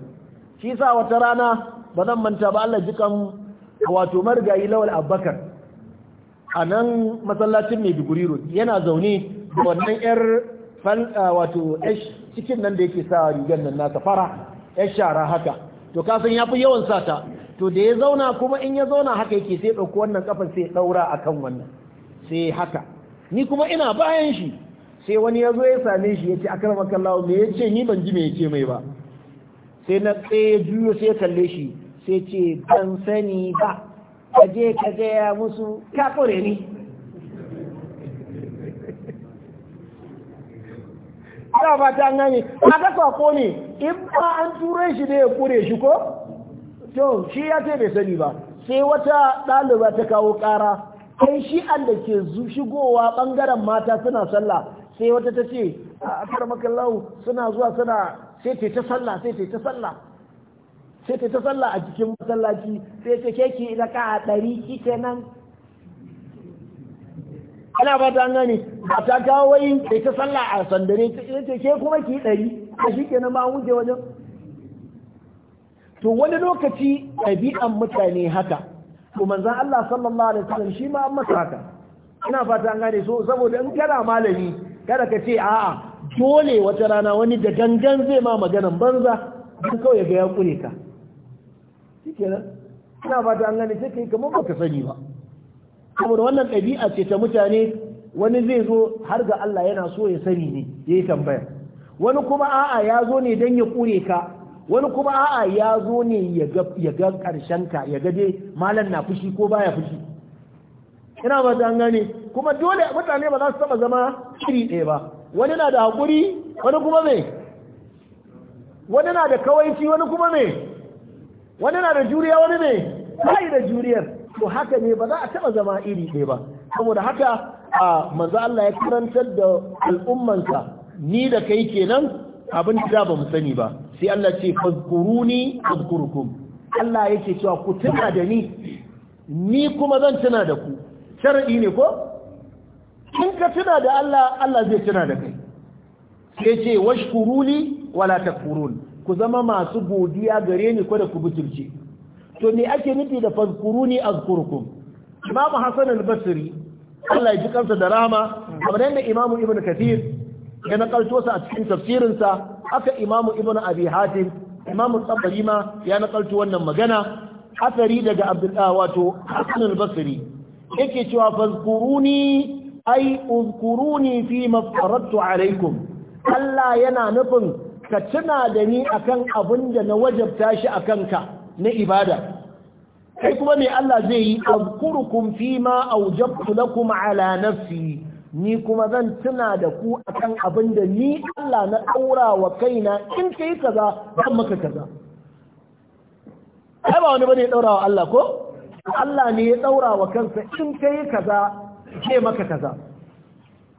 shi sa wata rana ba zan manta ba Allah jikan wato margayi lawal abbakar a nan masallacin mai biguri road yana zaune da wannan yar wato cikin nan da yake sa rigar nan nasa fara yar shara haka to kasan ya fi yawan sata to da ya zauna kuma in ya zauna haka yake sai ɗauko wannan ƙafa sai ɗaura a kan wannan sai haka ni kuma ina bayan shi sai wani ya zo ya same shi ya ce akar makallawa me ya ce ni ban ji me ya ce mai ba sai na tsaye juyo sai ya kalle shi sai ce ban sani ba ka je ka gaya musu ka kore ni ana ba ta gane ta sako ne in ba an ture shi ne ya kure shi ko to shi ya ce bai sani ba sai wata ɗaliba ta kawo ƙara kai shi an da ke shigowa ɓangaren mata suna sallah sai wata ta ce a karmakallahu suna zuwa suna sai ta ta sallah sai ta ta sallah sai ta ta sallah a cikin masallaci sai ta ke ila ka a ɗari ki kenan ana ba ta gane ba ta kawo wai sai ta sallah a sandare sai ta ke kuma ki ɗari a shi kenan ba wuce wajen to wani lokaci ɗabi'an mutane haka to manzan Allah sallallahu alaihi wasallam shi ma an masa haka ina fata an gane so saboda in kana malami kada ka ce a'a dole wata rana wani da gangan zai ma maganan banza duk kawai ga ya kure ka shikenan ina ba an gane sai kai kamar ka sani ba saboda wannan ɗabi'a ce ta mutane wani zai zo har ga Allah yana so ya sani ne yayi tambaya wani kuma a'a ya zo ne dan ya kure ka wani kuma a'a ya zo ne ya ga karshen ka ya ga dai malam na fushi ko baya fushi ina ba ta gane kuma dole mutane ba za su taba zama iri ɗaya ba wani na da haƙuri wani kuma me wani na da kawaici wani kuma me wani na da juriya wani me kai da juriyar to haka ne ba za a taba zama iri ɗaya ba saboda haka a manzo Allah ya karantar da al'ummansa ni da kai kenan abin da ba mu sani ba sai Allah ce fazkuruni azkurukum Allah yake cewa ku tuna da ni ni kuma zan tuna da ku sharadi ne ko in ka tuna da Allah Allah zai tuna da kai sai ce washkuruli wala takfurun ku zama masu godiya gare ni da ku butulce to me ake nufi da fazkuruni azkurkum Imam Hassan al-Basri Allah ya ji kansa da rahama kamar yadda Imam Ibn Kathir ya nakalto sa a cikin tafsirinsa aka Imam Ibn Abi Hatim Imam Tabari ma ya nakalto wannan magana asari daga Abdullah wato Hassan al-Basri yake cewa fazkuruni ai uzkuruni fi maftarattu alaikum Allah yana nufin ka tuna da ni akan abin da na wajabta shi akanka na ibada kai kuma me Allah zai yi azkurukum fi ma awjabtu lakum ala nafsi ni kuma zan tuna da ku akan abin da ni Allah na daura wa kaina in kai kaza zan maka kaza ai ba wani bane daura wa Allah ko Allah ne ya daura wa kansa in kai kaza ce kaza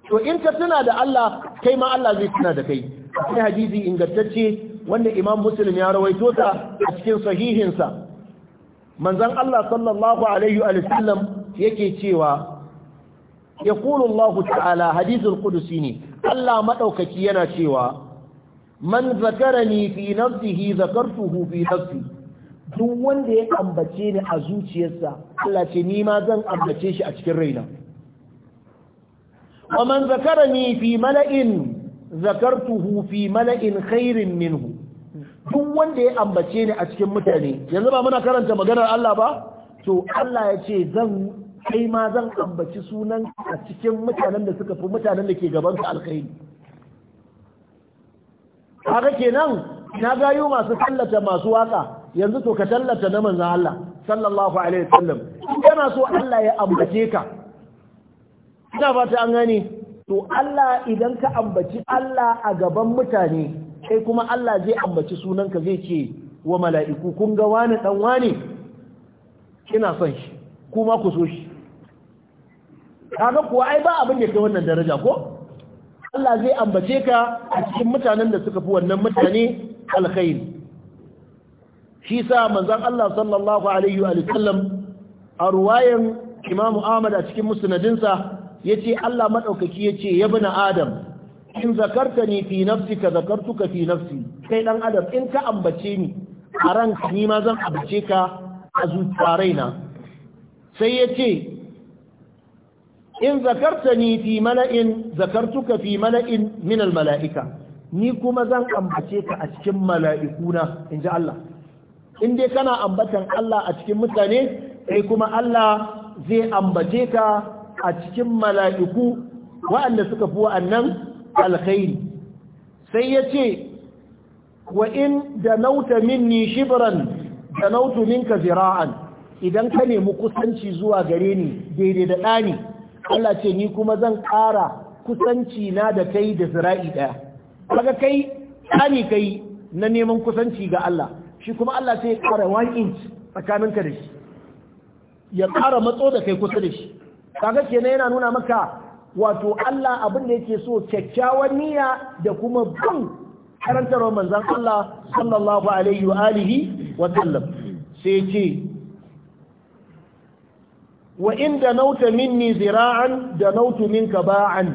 to in ka tuna da Allah kai ma Allah zai tuna da kai sai hadisi ingantacce wanda Imam Muslim ya rawaito ta a cikin sahihinsa manzon Allah sallallahu alaihi wa yake cewa yaqulu Allah ta'ala hadithul qudusi ne Allah maɗaukaci yana cewa man zakarani fi nafsihi zakartuhu fi nafsi duk wanda ya ambace ni a zuciyarsa Allah ce ni ma zan ambace shi a cikin raina ومن ذكرني في fi ذكرته في fi خير khairin minhu duk wanda ya ambace ni a cikin mutane yanzu ba muna karanta maganar Allah ba to Allah ya ce zan kai ma zan ambaci sunan a cikin mutanen da suka fi mutanen da ke gaban ka alkhairi haka kenan na gayo masu tallata masu waka yanzu to ka tallata na manzon Allah sallallahu alaihi wasallam kana so Allah ya ambace ka ina fata an gane to Allah idan ka ambaci Allah a gaban mutane kai kuma Allah zai ambaci sunanka zai ce wa mala'iku kun ga wani dan wani kina son shi kuma ku so shi kaga kuwa ai ba abin da ke wannan daraja ko Allah zai ambace ka a cikin mutanen da suka fi wannan mutane alkhairi shi sa manzon Allah sallallahu alaihi wa sallam a ruwayan Imam Ahmad a cikin musnadinsa Ya ce Allah maɗaukaki ya ce ya bin adam in zakarta ni fi nafsi ka nafsika ka fi nafsi kai dan adam in ka ambace ni a ranka ni ma zan ambace ka a zuciyaraina sai ya ce in zakarta ni fi mala'in ka fi mala'in min al mala'ika ni kuma zan ambace ka a cikin mala'ikuna ji Allah in dai kana ambatan Allah a cikin mutane kai kuma Allah zai ambace ka a cikin mala'iku waɗanda suka fi wa'annan alkhairi sai ya ce wa in da nauta minni shibran da nautu minka zira'an idan ka nemi kusanci zuwa gare ni daidai da ɗani Allah ce ni kuma zan ƙara kusanci na da kai da zira'i ɗaya kaga kai ɗani kai na neman kusanci ga Allah shi kuma Allah ce ya ƙara 1 inch tsakaninka da shi ya ƙara matso da kai kusa da shi kaga kenan yana nuna maka wato Allah abin da yake so kyakkyawar niyya da kuma bin karantar manzon Allah sallallahu alaihi wa alihi wa sallam sai ce wa inda nauta minni zira'an da nautu minka ba'an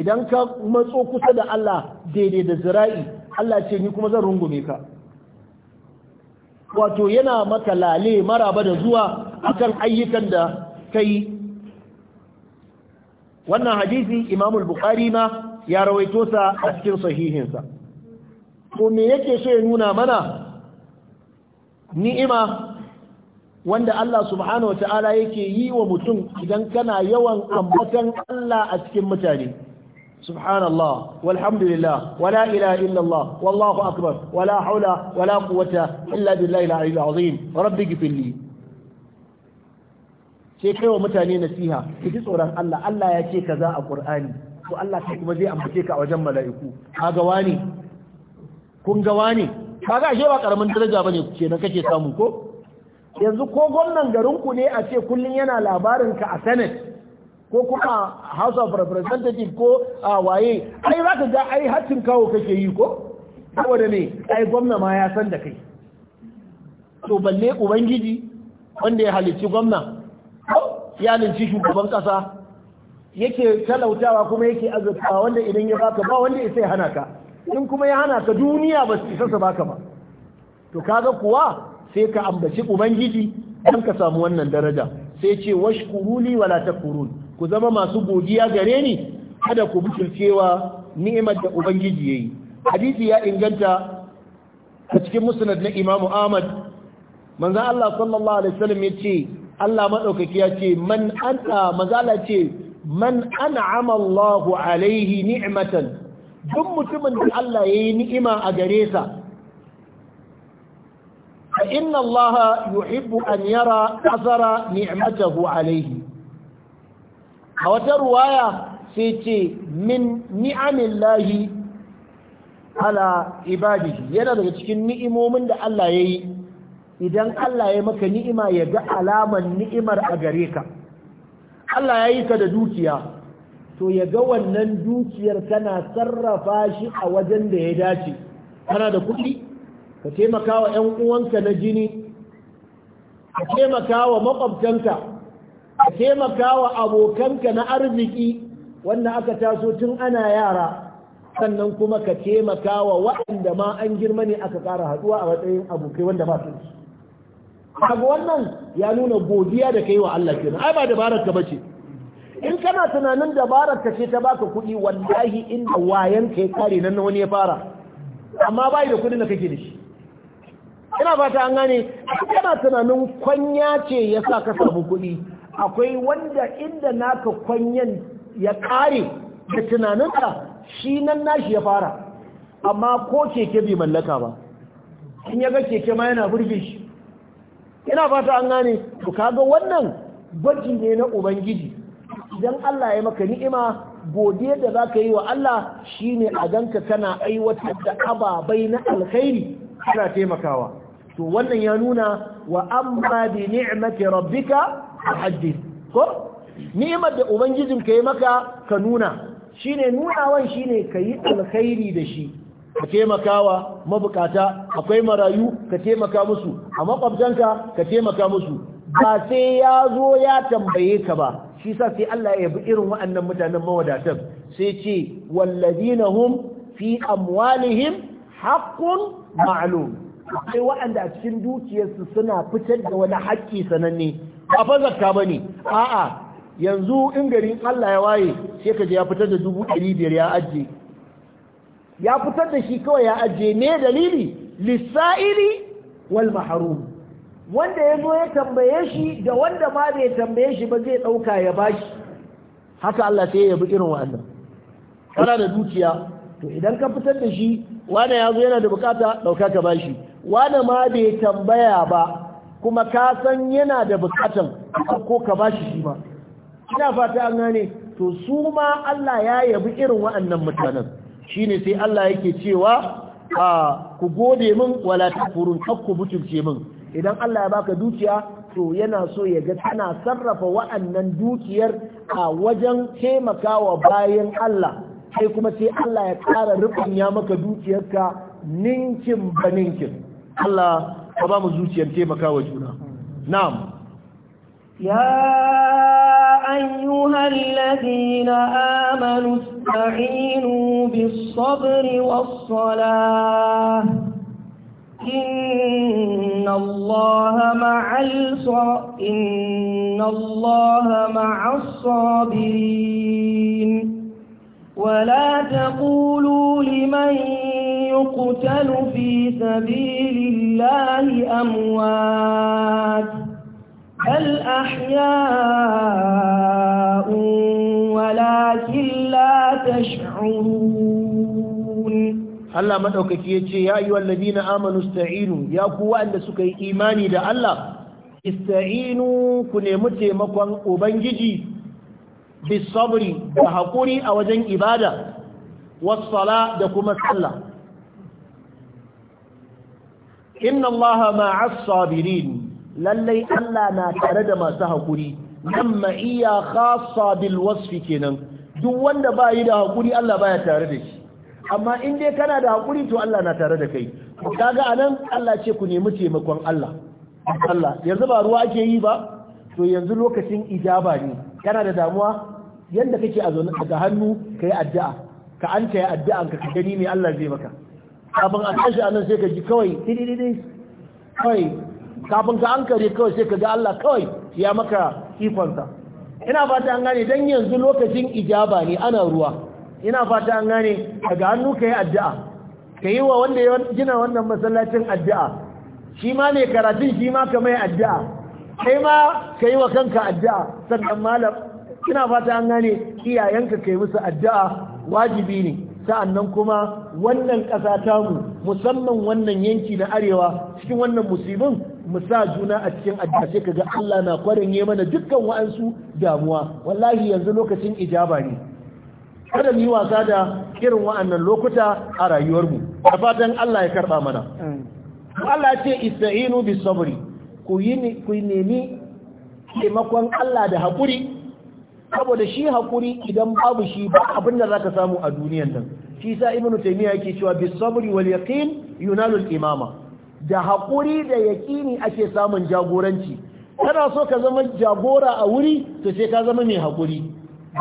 idan ka matso kusa da Allah daidai da zira'i Allah ce ni kuma zan rungume ka wato yana maka lale maraba da zuwa akan ayyukan da kai wannan hadisi imamul bukari ma ya rawaito sa a cikin sahihinsa ko me yake so ya nuna mana ni'ima wanda Allah subhanahu wa ta'ala yake yi wa mutum idan kana yawan ambatan Allah a cikin mutane subhanallah walhamdulillah wala ilaha illallah wallahu akbar wala haula wala quwwata illa billahi al-aliyyil azim rabbi ghfirli sai kai wa mutane nasiha ki ji tsoron Allah Allah ya ce kaza a Qur'ani to Allah sai kuma zai ambace ka a wajen mala'iku ga wani kun ga wani ga ashe ba karamin daraja bane na kake samu ko yanzu ko gwamnan garin ku ne a ce kullun yana labarin ka a Senate ko kuma House of Representative ko a waye ai zaka ga ai hatin kawo kake yi ko saboda ne ai gwamna ma ya san da kai to balle ubangiji wanda ya halicci gwamna ya linci shugaban kasa yake talautawa kuma yake azurtawa wanda idan ya baka ba wanda ya sai hana ka in kuma ya hana ka duniya ba su isa su baka ba to kaga kuwa sai ka ambaci ubangiji dan ka samu wannan daraja sai ce kuruli wala takfurun ku zama masu godiya gare ni kada ku butulcewa ni'imar da ubangiji yayi hadisi ya inganta a cikin musnad na Imam Ahmad manzo Allah sallallahu alaihi wasallam yace Allah maɗaukaki ya ce man an mazala ce man an Allahu alaihi ni'imatan duk mutumin da Allah yayi ni'ima a gare sa fa inna Allah yuhibbu an yara athara ni'matahu alaihi a wata ruwaya sai ce min ni'amillahi ala ibadihi yana daga cikin ni'imomin da Allah yayi idan Allah ya maka ni'ima ya ga alaman ni'imar a gare ka Allah ya yi ka da dukiya to ya ga wannan dukiyar kana sarrafa shi a wajen da ya dace kana da kuɗi ka taimaka wa 'yan uwanka na jini ka taimaka wa maƙwabtanka ka taimaka wa abokanka na arziki wanda aka taso tun ana yara sannan kuma ka taimaka wa waɗanda ma an girma ne aka ƙara haɗuwa a matsayin abokai wanda ba su kaga wannan ya nuna godiya da kai wa Allah kenan ai ba dabarar ka bace in kana tunanin dabarar ka ce ta baka kuɗi wallahi inda wayan kai kare nan wani ya fara amma bai da kuɗin da kake da shi ina fata an gane kana tunanin kwanya ce ya sa ka samu kuɗi akwai wanda inda naka kwanyan ya kare da tunaninka shi nan nashi ya fara amma ko keke bai mallaka ba in ya ga keke ma yana burge shi ina fata an gane to kaga wannan gwaji ne na ubangiji idan Allah ya maka ni'ima godiya da zaka yi wa Allah shine a ganka kana aiwatar da ababai na alkhairi kana taimakawa to wannan ya nuna wa amma bi ni'mati rabbika haddith ko ni'imar da ubangijin ka yi maka ka nuna shine nunawan shine kayi alkhairi da shi ka taimakawa mabukata akwai marayu ka taimaka musu a makwabtanka ka taimaka musu ba sai ya zo ya tambaye ka ba shi sa sai Allah ya bi irin waɗannan mutanen mawadatan sai ce walladina hum fi amwalihim haqqun ma'lum akwai waɗanda a cikin dukiyarsu suna fitar da wani haƙƙi sananne ba fa zakka bane a'a yanzu in garin Allah ya waye sai ka je ya fitar da dubu ɗari biyar ya ajiye ya fitar da shi kawai ya ajiye me dalili lissa'ili wal mahrum wanda ya zo ya tambaye shi da wanda ma bai tambaye shi ba zai ɗauka ya bashi haka Allah sai ya bi irin wa'annan kana da dukiya to idan ka fitar da shi wani ya zo yana da bukata ɗauka ka bashi wani ma bai tambaya ba kuma ka san yana da bukatan ko ka bashi shi ma ina fata an gane to su ma Allah ya yabi irin wa'annan mutanen Shi ne sai Allah yake cewa ku gode min wala takfurun ku butulce min idan Allah ya baka dukiya to yana so ya ga tana sarrafa wa'annan dukiyar a wajen taimakawa bayan Allah sai kuma sai Allah ya ƙara ya maka dukiyarka ninkin ba ninkin Allah ka ba mu zuciyar taimakawa juna na'am ya أيها الذين آمنوا استعينوا بالصبر والصلاة إن الله مع إن الله مع الصابرين ولا تقولوا لمن يقتل في سبيل الله أموات بل أحياء ولكن لا تشعرون Allah maɗaukaki ya ce ya yi wallazi na amanu sta'inu ya ku waɗanda suka yi imani da Allah ista'inu ku nemi taimakon Ubangiji bisabri da haƙuri a wajen ibada wassala da kuma sallah inna Allah ma'as sabirin lallai Allah na tare da masu hakuri nan ma'iya khassa bil wasfi kenan duk wanda ba yi da hakuri Allah baya tare da shi amma in dai kana da hakuri to Allah na tare da kai kaga anan Allah ce ku nemi taimakon Allah Allah yanzu ba ruwa ake yi ba to yanzu lokacin ijaba ne kana da damuwa yanda kake a zaune daga hannu kai addu'a ka an ta addu'an ka gani me Allah zai maka kafin a tashi anan sai ka ji kawai kawai kafin ka ankare kawai sai ka ga Allah kawai ya maka ikonsa ina fata an gane dan yanzu lokacin ijaba ne ana ruwa ina fata an gane daga hannu ka yi addu'a ka yi wa wanda ya gina wannan masallacin addu'a shi ma ne karatun shi ma ka mai addu'a kai ma ka yi wa kanka addu'a sannan malam ina fata an gane iyayenka ka yi musu addu'a wajibi ne sa'annan kuma wannan ƙasa tamu musamman wannan yanki na arewa cikin wannan musibin mu sa juna a cikin addu'a sai kaga Allah na kwarin yi mana dukkan wa'ansu damuwa wallahi yanzu lokacin ijaba ne kada mu yi wasa da irin wa'annan lokuta a rayuwar mu da fatan Allah ya karba mana Allah ce ista'inu bis sabri ku yi ku nemi taimakon Allah da hakuri saboda shi hakuri idan babu shi ba abin da zaka samu a duniyar nan shi sa ibnu taymiya yake cewa bis sabri wal yaqin yunalu al imama da haƙuri da yaƙini ake samun jagoranci kana so ka zama jagora a wuri to sai ka zama mai haƙuri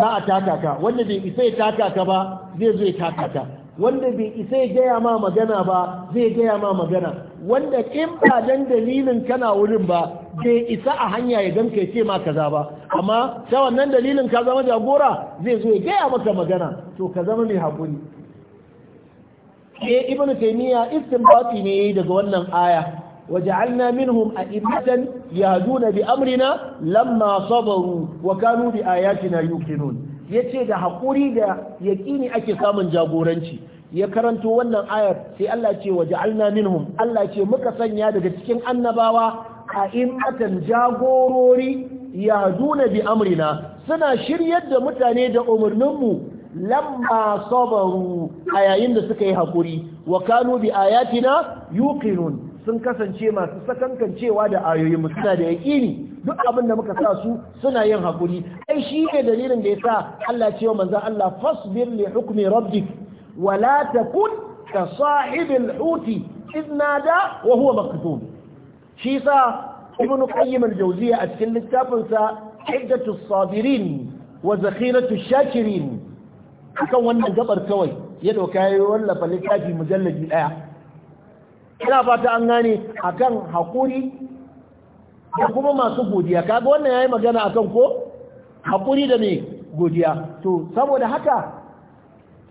za a taka ka wanda bai isa ya taka ka ba zai zo ya taka ka wanda bai isa ya gaya ma magana ba zai gaya ma magana wanda in ba dan dalilin kana wurin ba bai isa a hanya ya ganka ya ce ma kaza ba amma ta wannan dalilin ka zama jagora zai zo ya gaya maka magana to ka zama mai haƙuri ke eh, ibn taymiya istinbati ne daga wannan aya waja'alna minhum a'immatan yahduna bi amrina lamma sabaru wa kanu bi ayatina yuqinun yace da hakuri da yaqini ake samun jagoranci ya karanto wannan ayar sai Allah ce waja'alna minhum Allah ce muka sanya daga cikin annabawa a'immatan jagorori yahduna bi amrina suna shiryar da mutane da umarninmu lamma sabaru a yayin da suka yi hakuri wa kanu bi ayatina yuqinun sun kasance masu cewa da ayoyin mu suna da yaqini duk abin da muka sa su suna yin hakuri ai shi ne dalilin da sa Allah ce wa manzon Allah fasbir li hukmi rabbik wa la takun ka sahibil huti idh wa huwa maktub shi sa ibn qayyim al-jawziyya a cikin littafinsa hiddatu sabirin wa zakhiratu shakirin akan wannan gabar kawai ya dauka ya wallafa littafi mujallaji daya ina fata an gane akan hakuri da kuma masu godiya kaga wannan yayi magana akan ko hakuri da me godiya to saboda haka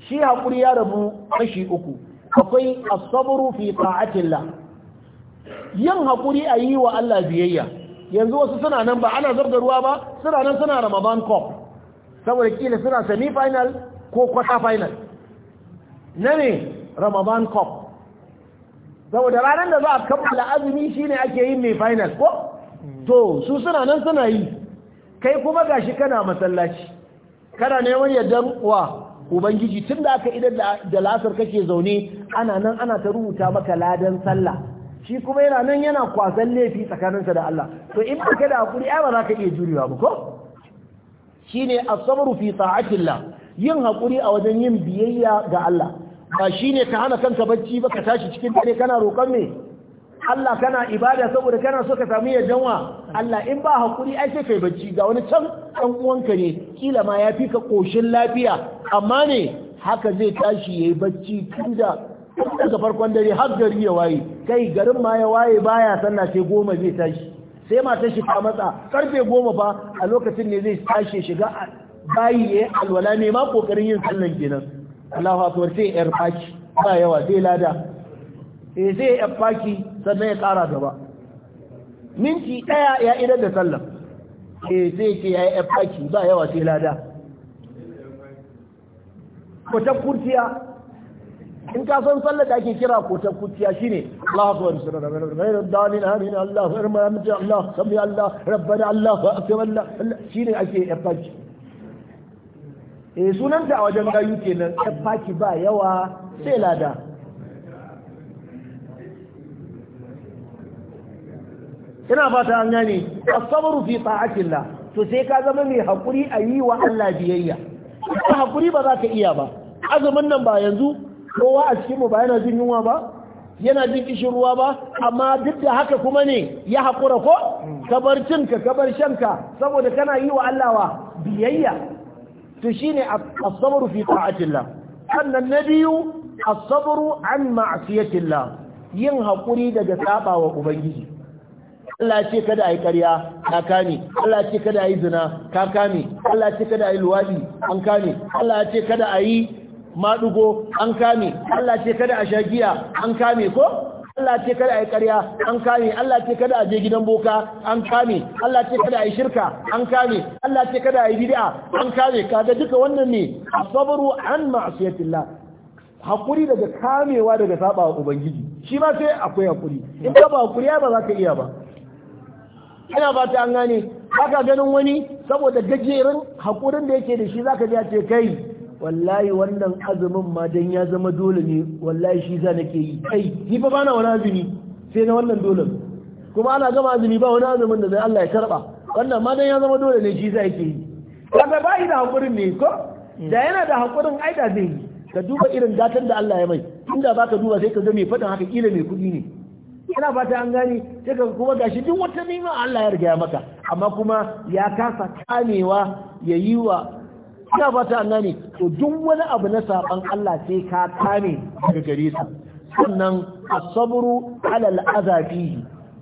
shi hakuri ya rabu kashi uku akwai as-sabru fi ta'atillah yin hakuri a yi wa Allah biyayya yanzu wasu suna nan ba ana zargarwa ruwa ba suna nan suna Ramadan cup saboda kila suna semi final ko kwata final na ne ramadan cup saboda ranar da za a kammala azumi shine ake yin mai final ko to su suna nan suna yi kai kuma gashi kana masallaci kana neman yardan wa ubangiji tun da aka idan da lasar kake zaune ana nan ana ta rubuta maka ladan sallah shi kuma yana nan yana kwasan laifi tsakaninsa da Allah to in baka da hakuri ai ba za ka iya jurewa ba ko shine as-sabru fi ta'atillah yin haƙuri a wajen yin biyayya ga Allah ba shi ne ka hana kanka bacci ba ka tashi cikin dare kana roƙon me Allah kana ibada saboda kana so ka samu yajanwa Allah in ba haƙuri ai sai kai bacci ga wani can ɗan uwanka ne kila ma ya fi ka koshin lafiya amma ne haka zai tashi yayi bacci tun da daga farkon dare har gari ya waye kai garin ma ya waye baya sanna sai goma zai tashi sai matar shi ta matsa karfe goma ba a lokacin ne zai tashi shiga bayi ya alwala ne ma kokarin yin sallan kenan Allahu akbar sai yar faki ba yawa sai lada eh sai yar faki sannan ya kara gaba minti daya ya idar da sallan eh sai ce yayi yar faki ba yawa sai lada kotar kurciya in ka san sallar da ake kira kotar kurciya shine Allahu akbar ghayr dalil amin Allahu akbar Allah sabbi Allah rabbana Allah akbar Allah shine ake yafaci eh sunanta a wajen gayu kenan ɗan faki ba yawa sai lada ina fata an gane asabaru fi ta'atillah to sai ka zama mai hakuri a yi wa Allah biyayya ba hakuri ba za ka iya ba azumin nan ba yanzu kowa a cikin mu ba yana jin yunwa ba yana jin kishin ruwa ba amma duk da haka kuma ne ya hakura ko kabar cinka kabar shanka saboda kana yi wa Allah wa biyayya to shine as-sabru fi ta'atillah sannan na biyu as-sabru an ma'siyatillah yin hakuri daga sabawa ubangiji Allah ce kada ayi ƙarya ka kame Allah ce kada ayi zina ka kame Allah ce kada ayi luwadi an kame Allah ce kada ayi madugo an kame Allah ce kada a shagiya an kame ko Allah ce kada a yi ƙarya an kame Allah ce kada a je gidan boka an kame Allah ce kada a yi shirka an kame Allah ce kada a yi bid'a an kame kaga duka wannan ne asabaru an ma'asiyatillah hakuri daga kamewa daga sabawa ubangiji shi ma sai akwai hakuri in ka ba hakuri ba za ka iya ba ina ba ta an gane haka ganin wani saboda gajeren hakurin da yake da shi zaka ji a ce kai wallahi wannan azumin ma dan ya zama dole ne wallahi shi za nake yi kai ni fa bana wani azumi sai na wannan dole kuma ana gama azumi ba wani azumin da zai Allah ya karba wannan ma dan ya zama dole ne shi za yake yi kaga ba da hakurin ne ko da yana da hakurin ai da zai yi ka duba irin datan da Allah ya mai inda ka duba sai ka ga mai fadin haka kila mai kudi ne ina fata an gane sai ka kuma gashi duk wata nima Allah ya riga ya maka amma kuma ya kasa kamewa ya yi wa ina ba ta ne to duk wani abu na saban Allah sai ka kame daga gare su sannan asabru ala al'aza fihi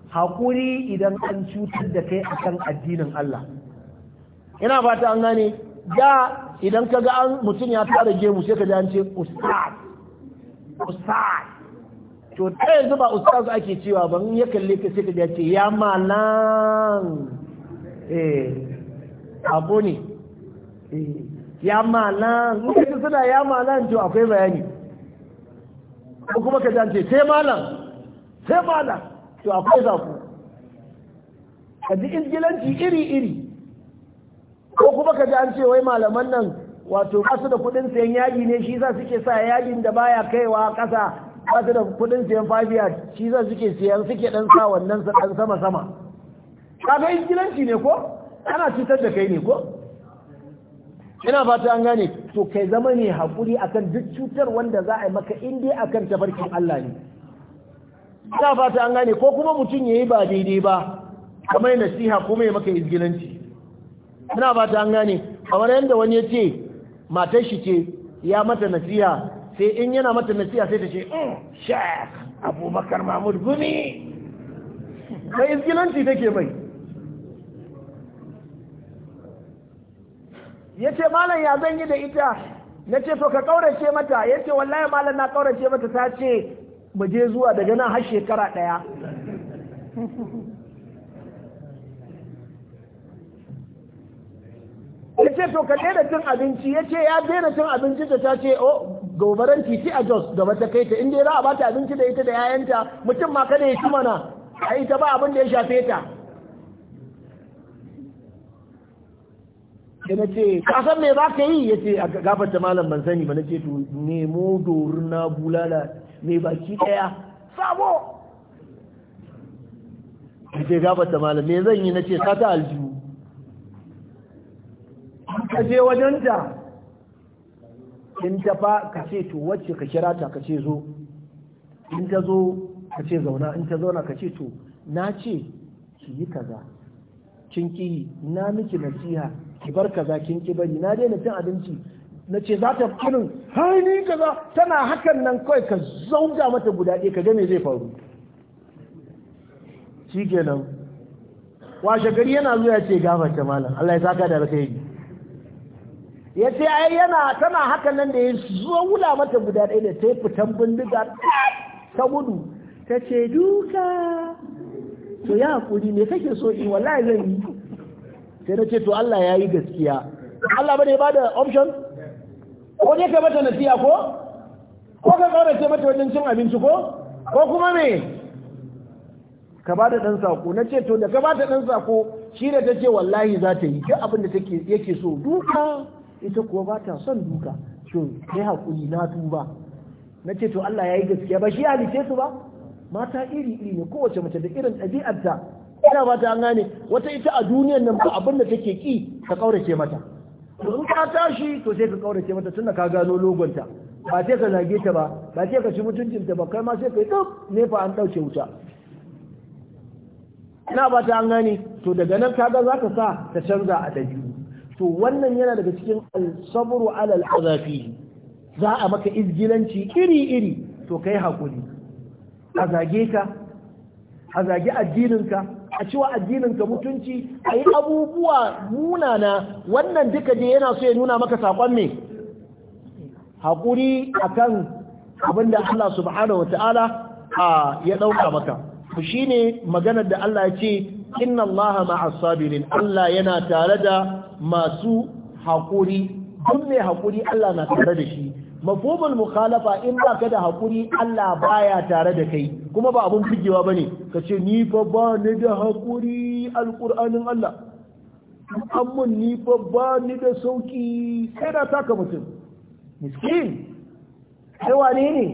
hakuri idan an cutar da kai akan addinin Allah ina ba ta gane da idan ka ga an mutum ya tara gemu sai ka ji an ustaz ustaz to ta yanzu ba ustaz ake cewa ba ya kalle ka sai ka ji ce ya malan eh abu ne eh. ya malam in su suna ya malan to akwai bayani ko kuma ka ce sai malan sai malan to akwai zaku ka ji ingilanci iri iri ko kuma ka ji an ce wai malaman nan wato kasu da kudin sayan yaji ne shi za suke sa yajin da baya kaiwa kasa kasu su da kudin sayan fabiya shi za suke sayan suke dan sa wannan sa dan sama sama ga ingilanci ne ko ana cutar da kai ne ko ina fata an gane to kai zama ne hakuri akan duk cutar wanda za a yi maka inda akan tafarkin Allah ne ina fata an gane ko kuma mutum ya yi ba daidai ba kamar nasiha kuma ya maka izgilanci ina fata an gane kamar yadda wani ya ce matar shi ce ya mata nasiha sai in yana mata nasiha sai ta ce mm, shek abubakar mahmud gumi mai izgilanci take mai ya ce malam ya zan yi da ita na ce to ka ƙaurace mata ya ce wallahi malam na ƙaurace mata ta ce mu je zuwa daga nan har shekara ɗaya ya ce to ka daina cin abinci ya ce ya daina cin abinci da ta ce oh gobaran titi a jos gaba ta kai ta inda ya za a bata abinci da ita da 'ya'yanta mutum ma kada ya ci mana a ita ba abin da ya shafe ta sai na ce kasan me za ka yi ya ce a gafarta malam ban sani ba na ce to nemo dorin na bulala mai baki ɗaya sabo ya ce gafarta malam me zan yi na ce sata aljihu ka je wajenta in ta fa ka ce to wacce ka kira ta ka ce zo in ta zo ka ce zauna in ta zauna ka ce to na ce ki yi kaza kin ki na miki nasiha ki bar kaza kin ki bari na daina cin abinci na ce za ta kirin har ni kaza tana hakan nan kawai ka zauga mata guda ɗaya ka ga me zai faru shi kenan washe gari yana zuwa ce ta malam Allah ya saka da alkhairi ya ce ai yana tana hakan nan da ya wula mata guda ɗaya da ta yi fitan bindiga ta gudu ta ce duka to ya hakuri me kake so in wallahi zan yi sai na ce to Allah ya yi gaskiya Allah bane ba da option ko ne ka mata nasiya ko ko ka kaurace mata wajen cin abinci ko ko kuma me ka ba da ɗan sako na ce to da ka ba da ɗan sako shi da ta ce wallahi za ta yi duk abin da take yake so duka ita kuwa ba ta son duka shin kai hakuri na tuba na ce to Allah ya yi gaskiya ba shi halice su ba mata iri iri ne kowace mace da irin ɗabi'arta ina ba ta an gane wata ita a duniyar nan ba abin da take ki ka kaurace mata to in ka tashi to sai ka kaurace mata tunda ka gano logonta ba sai ka zage ta ba ba sai ka ci ta ba kai ma sai ka duk ne fa an dauke wuta ina ba ta an gane to daga nan kaga za ka sa ta canza a dabi'u to wannan yana daga cikin al-sabru ala al-azafi za a maka izgilanci iri-iri to kai hakuri a zage ka a zage addininka a wa addinin ka mutunci a yi abubuwa munana wannan duka ne yana so ya nuna maka saƙon me haƙuri akan abin da Allah subhanahu wa ta'ala ya ɗauka maka shi ne maganar da Allah ya ce inna Allah ma'as sabirin Allah yana tare da masu haƙuri duk mai haƙuri Allah na tare da shi mafhumul mukhalafa in ba ka da hakuri Allah baya tare da kai kuma ba abun fijewa bane ka ce ni fa ba ni da hakuri alqur'anin Allah amma ni fa ba ni da sauki sai da taka mutum miskin sai wane ne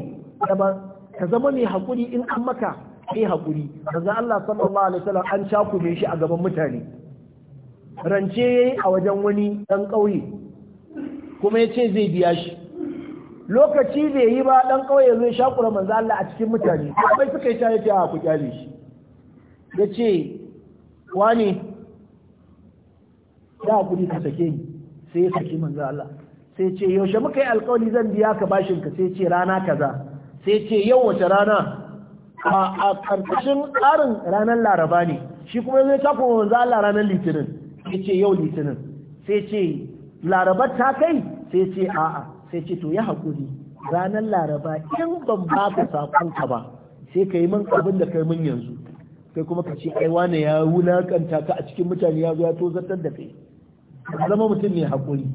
ka zama mai hakuri in an maka kai hakuri kaza Allah sallallahu alaihi wasallam an cakume shi a gaban mutane rance yayi a wajen wani dan kauye kuma yace zai biya shi lokaci bai yi ba dan kauye zai shakura manzo Allah a cikin mutane sai suka yi shaye ta ah, ku kyale shi yace wani ya kudi ka sake ni sai ya saki manzo Allah sai ce yaushe muka yi alkawari zan biya ka bashin ka sai ce rana kaza sai ce yau wata rana a karkashin tsarin ranar laraba ne shi kuma zai tafi manzo Allah ranar litinin sai ce yau litinin sai ce larabar ta kai sai ce a'a sai ce to ya haƙuri ranar laraba in ban baka sakonka ba sai ka yi min abin da kai min yanzu kai kuma ka ce ai wane ya wulakanta ka a cikin mutane ya zo ya tozartar da kai zama mutum mai haƙuri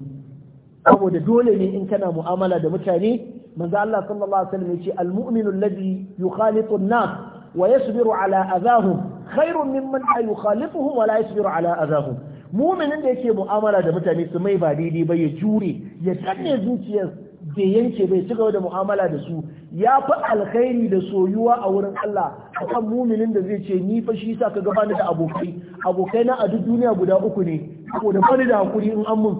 saboda dole ne in kana mu'amala da mutane manzo Allah sallallahu alaihi wasallam yace al-mu'minu alladhi yukhalitu an-nas wa yasbiru ala adahum khairun mimman la yukhalifuhum wa la yasbiru ala adahum muminin da yake mu'amala da mutane su mai ba daidai ba ya jure ya danne zuciyar bai yanke bai ci gaba da mu'amala da su ya fi alkhairi da soyuwa a wurin Allah akan muminin da zai ce ni fa shi sa ka gaba da abokai abokai na a duk duniya guda uku ne saboda bani da hakuri in an mun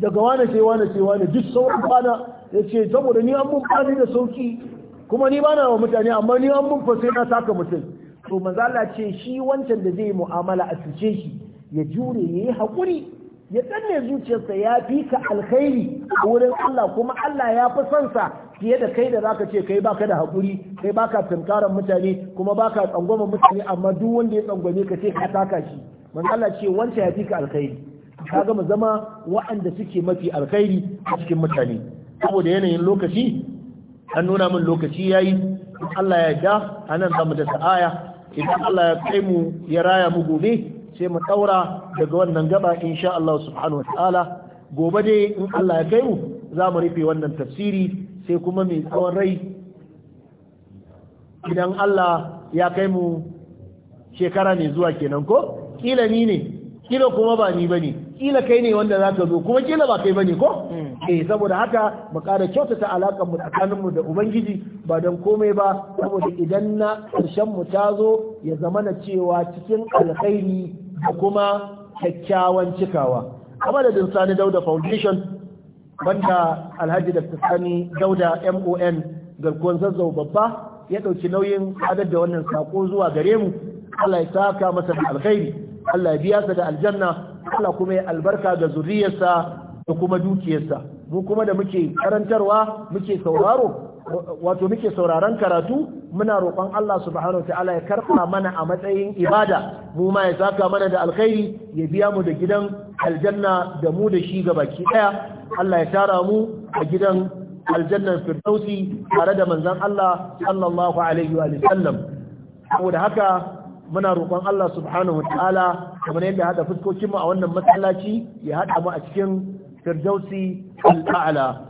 daga wani sai wani sai wani duk sauran bana ya ce saboda ni an mun bani da sauki kuma ni bana wa mutane amma ni an mun fa sai na saka mutum to manzo Allah ce shi wancan da zai mu'amala a cikin shi ya jure ya yi haƙuri ya danne zuciyarsa ya fi ka alkhairi a wurin Allah kuma Allah ya fi son sa fiye da kai da zaka ce kai baka da haƙuri kai baka tunkaran mutane kuma baka tsangwama mutane amma duk wanda ya tsangwame ka ce ka taka shi man Allah ce wancan ya fi ka alkhairi ka gama zama wa'anda suke mafi alkhairi a cikin mutane saboda yanayin lokaci an nuna min lokaci yayi Allah ya yarda anan zamu da sa'aya idan Allah ya kai mu ya raya mu gobe sai mu ɗaura daga wannan gaba insha Allah subhanahu wa ta'ala gobe dai in Allah ya kai mu za mu rufe wannan tafsiri sai kuma mai tsawon rai idan Allah ya kai mu shekara mai zuwa kenan ko kila ni ne kila kuma ba ni bane kila kai ne wanda zaka zo kuma kila ba kai bane ko hmm. eh saboda haka mu ƙara kyautata alakan mu tsakanin mu da ubangiji ba dan komai ba saboda idan na karshen mu ta zo ya zamana cewa cikin alkhairi da kuma kyakkyawan cikawa a madadin sani dauda foundation wanda alhaji da sani dauda mon garkuwar zazzau babba ya ɗauki nauyin adar da wannan sako zuwa gare mu allah ya saka masa da alkhairi allah ya biya sa da aljanna allah kuma ya albarka ga zuriyarsa da kuma dukiyarsa mu kuma da muke karantarwa muke sauraro wato muke sauraron karatu muna roƙon Allah subhanahu ta'ala ya karɓa mana a matsayin ibada mu ma ya saka mana da alkhairi ya biya mu da gidan aljanna da mu da shi gabaki daya Allah ya tara mu a gidan aljannar firdausi tare da manzon Allah sallallahu alaihi wa sallam saboda haka muna roƙon Allah subhanahu ta'ala kamar yadda hada fuskokin mu a wannan masallaci ya hada mu a cikin firdausi al'ala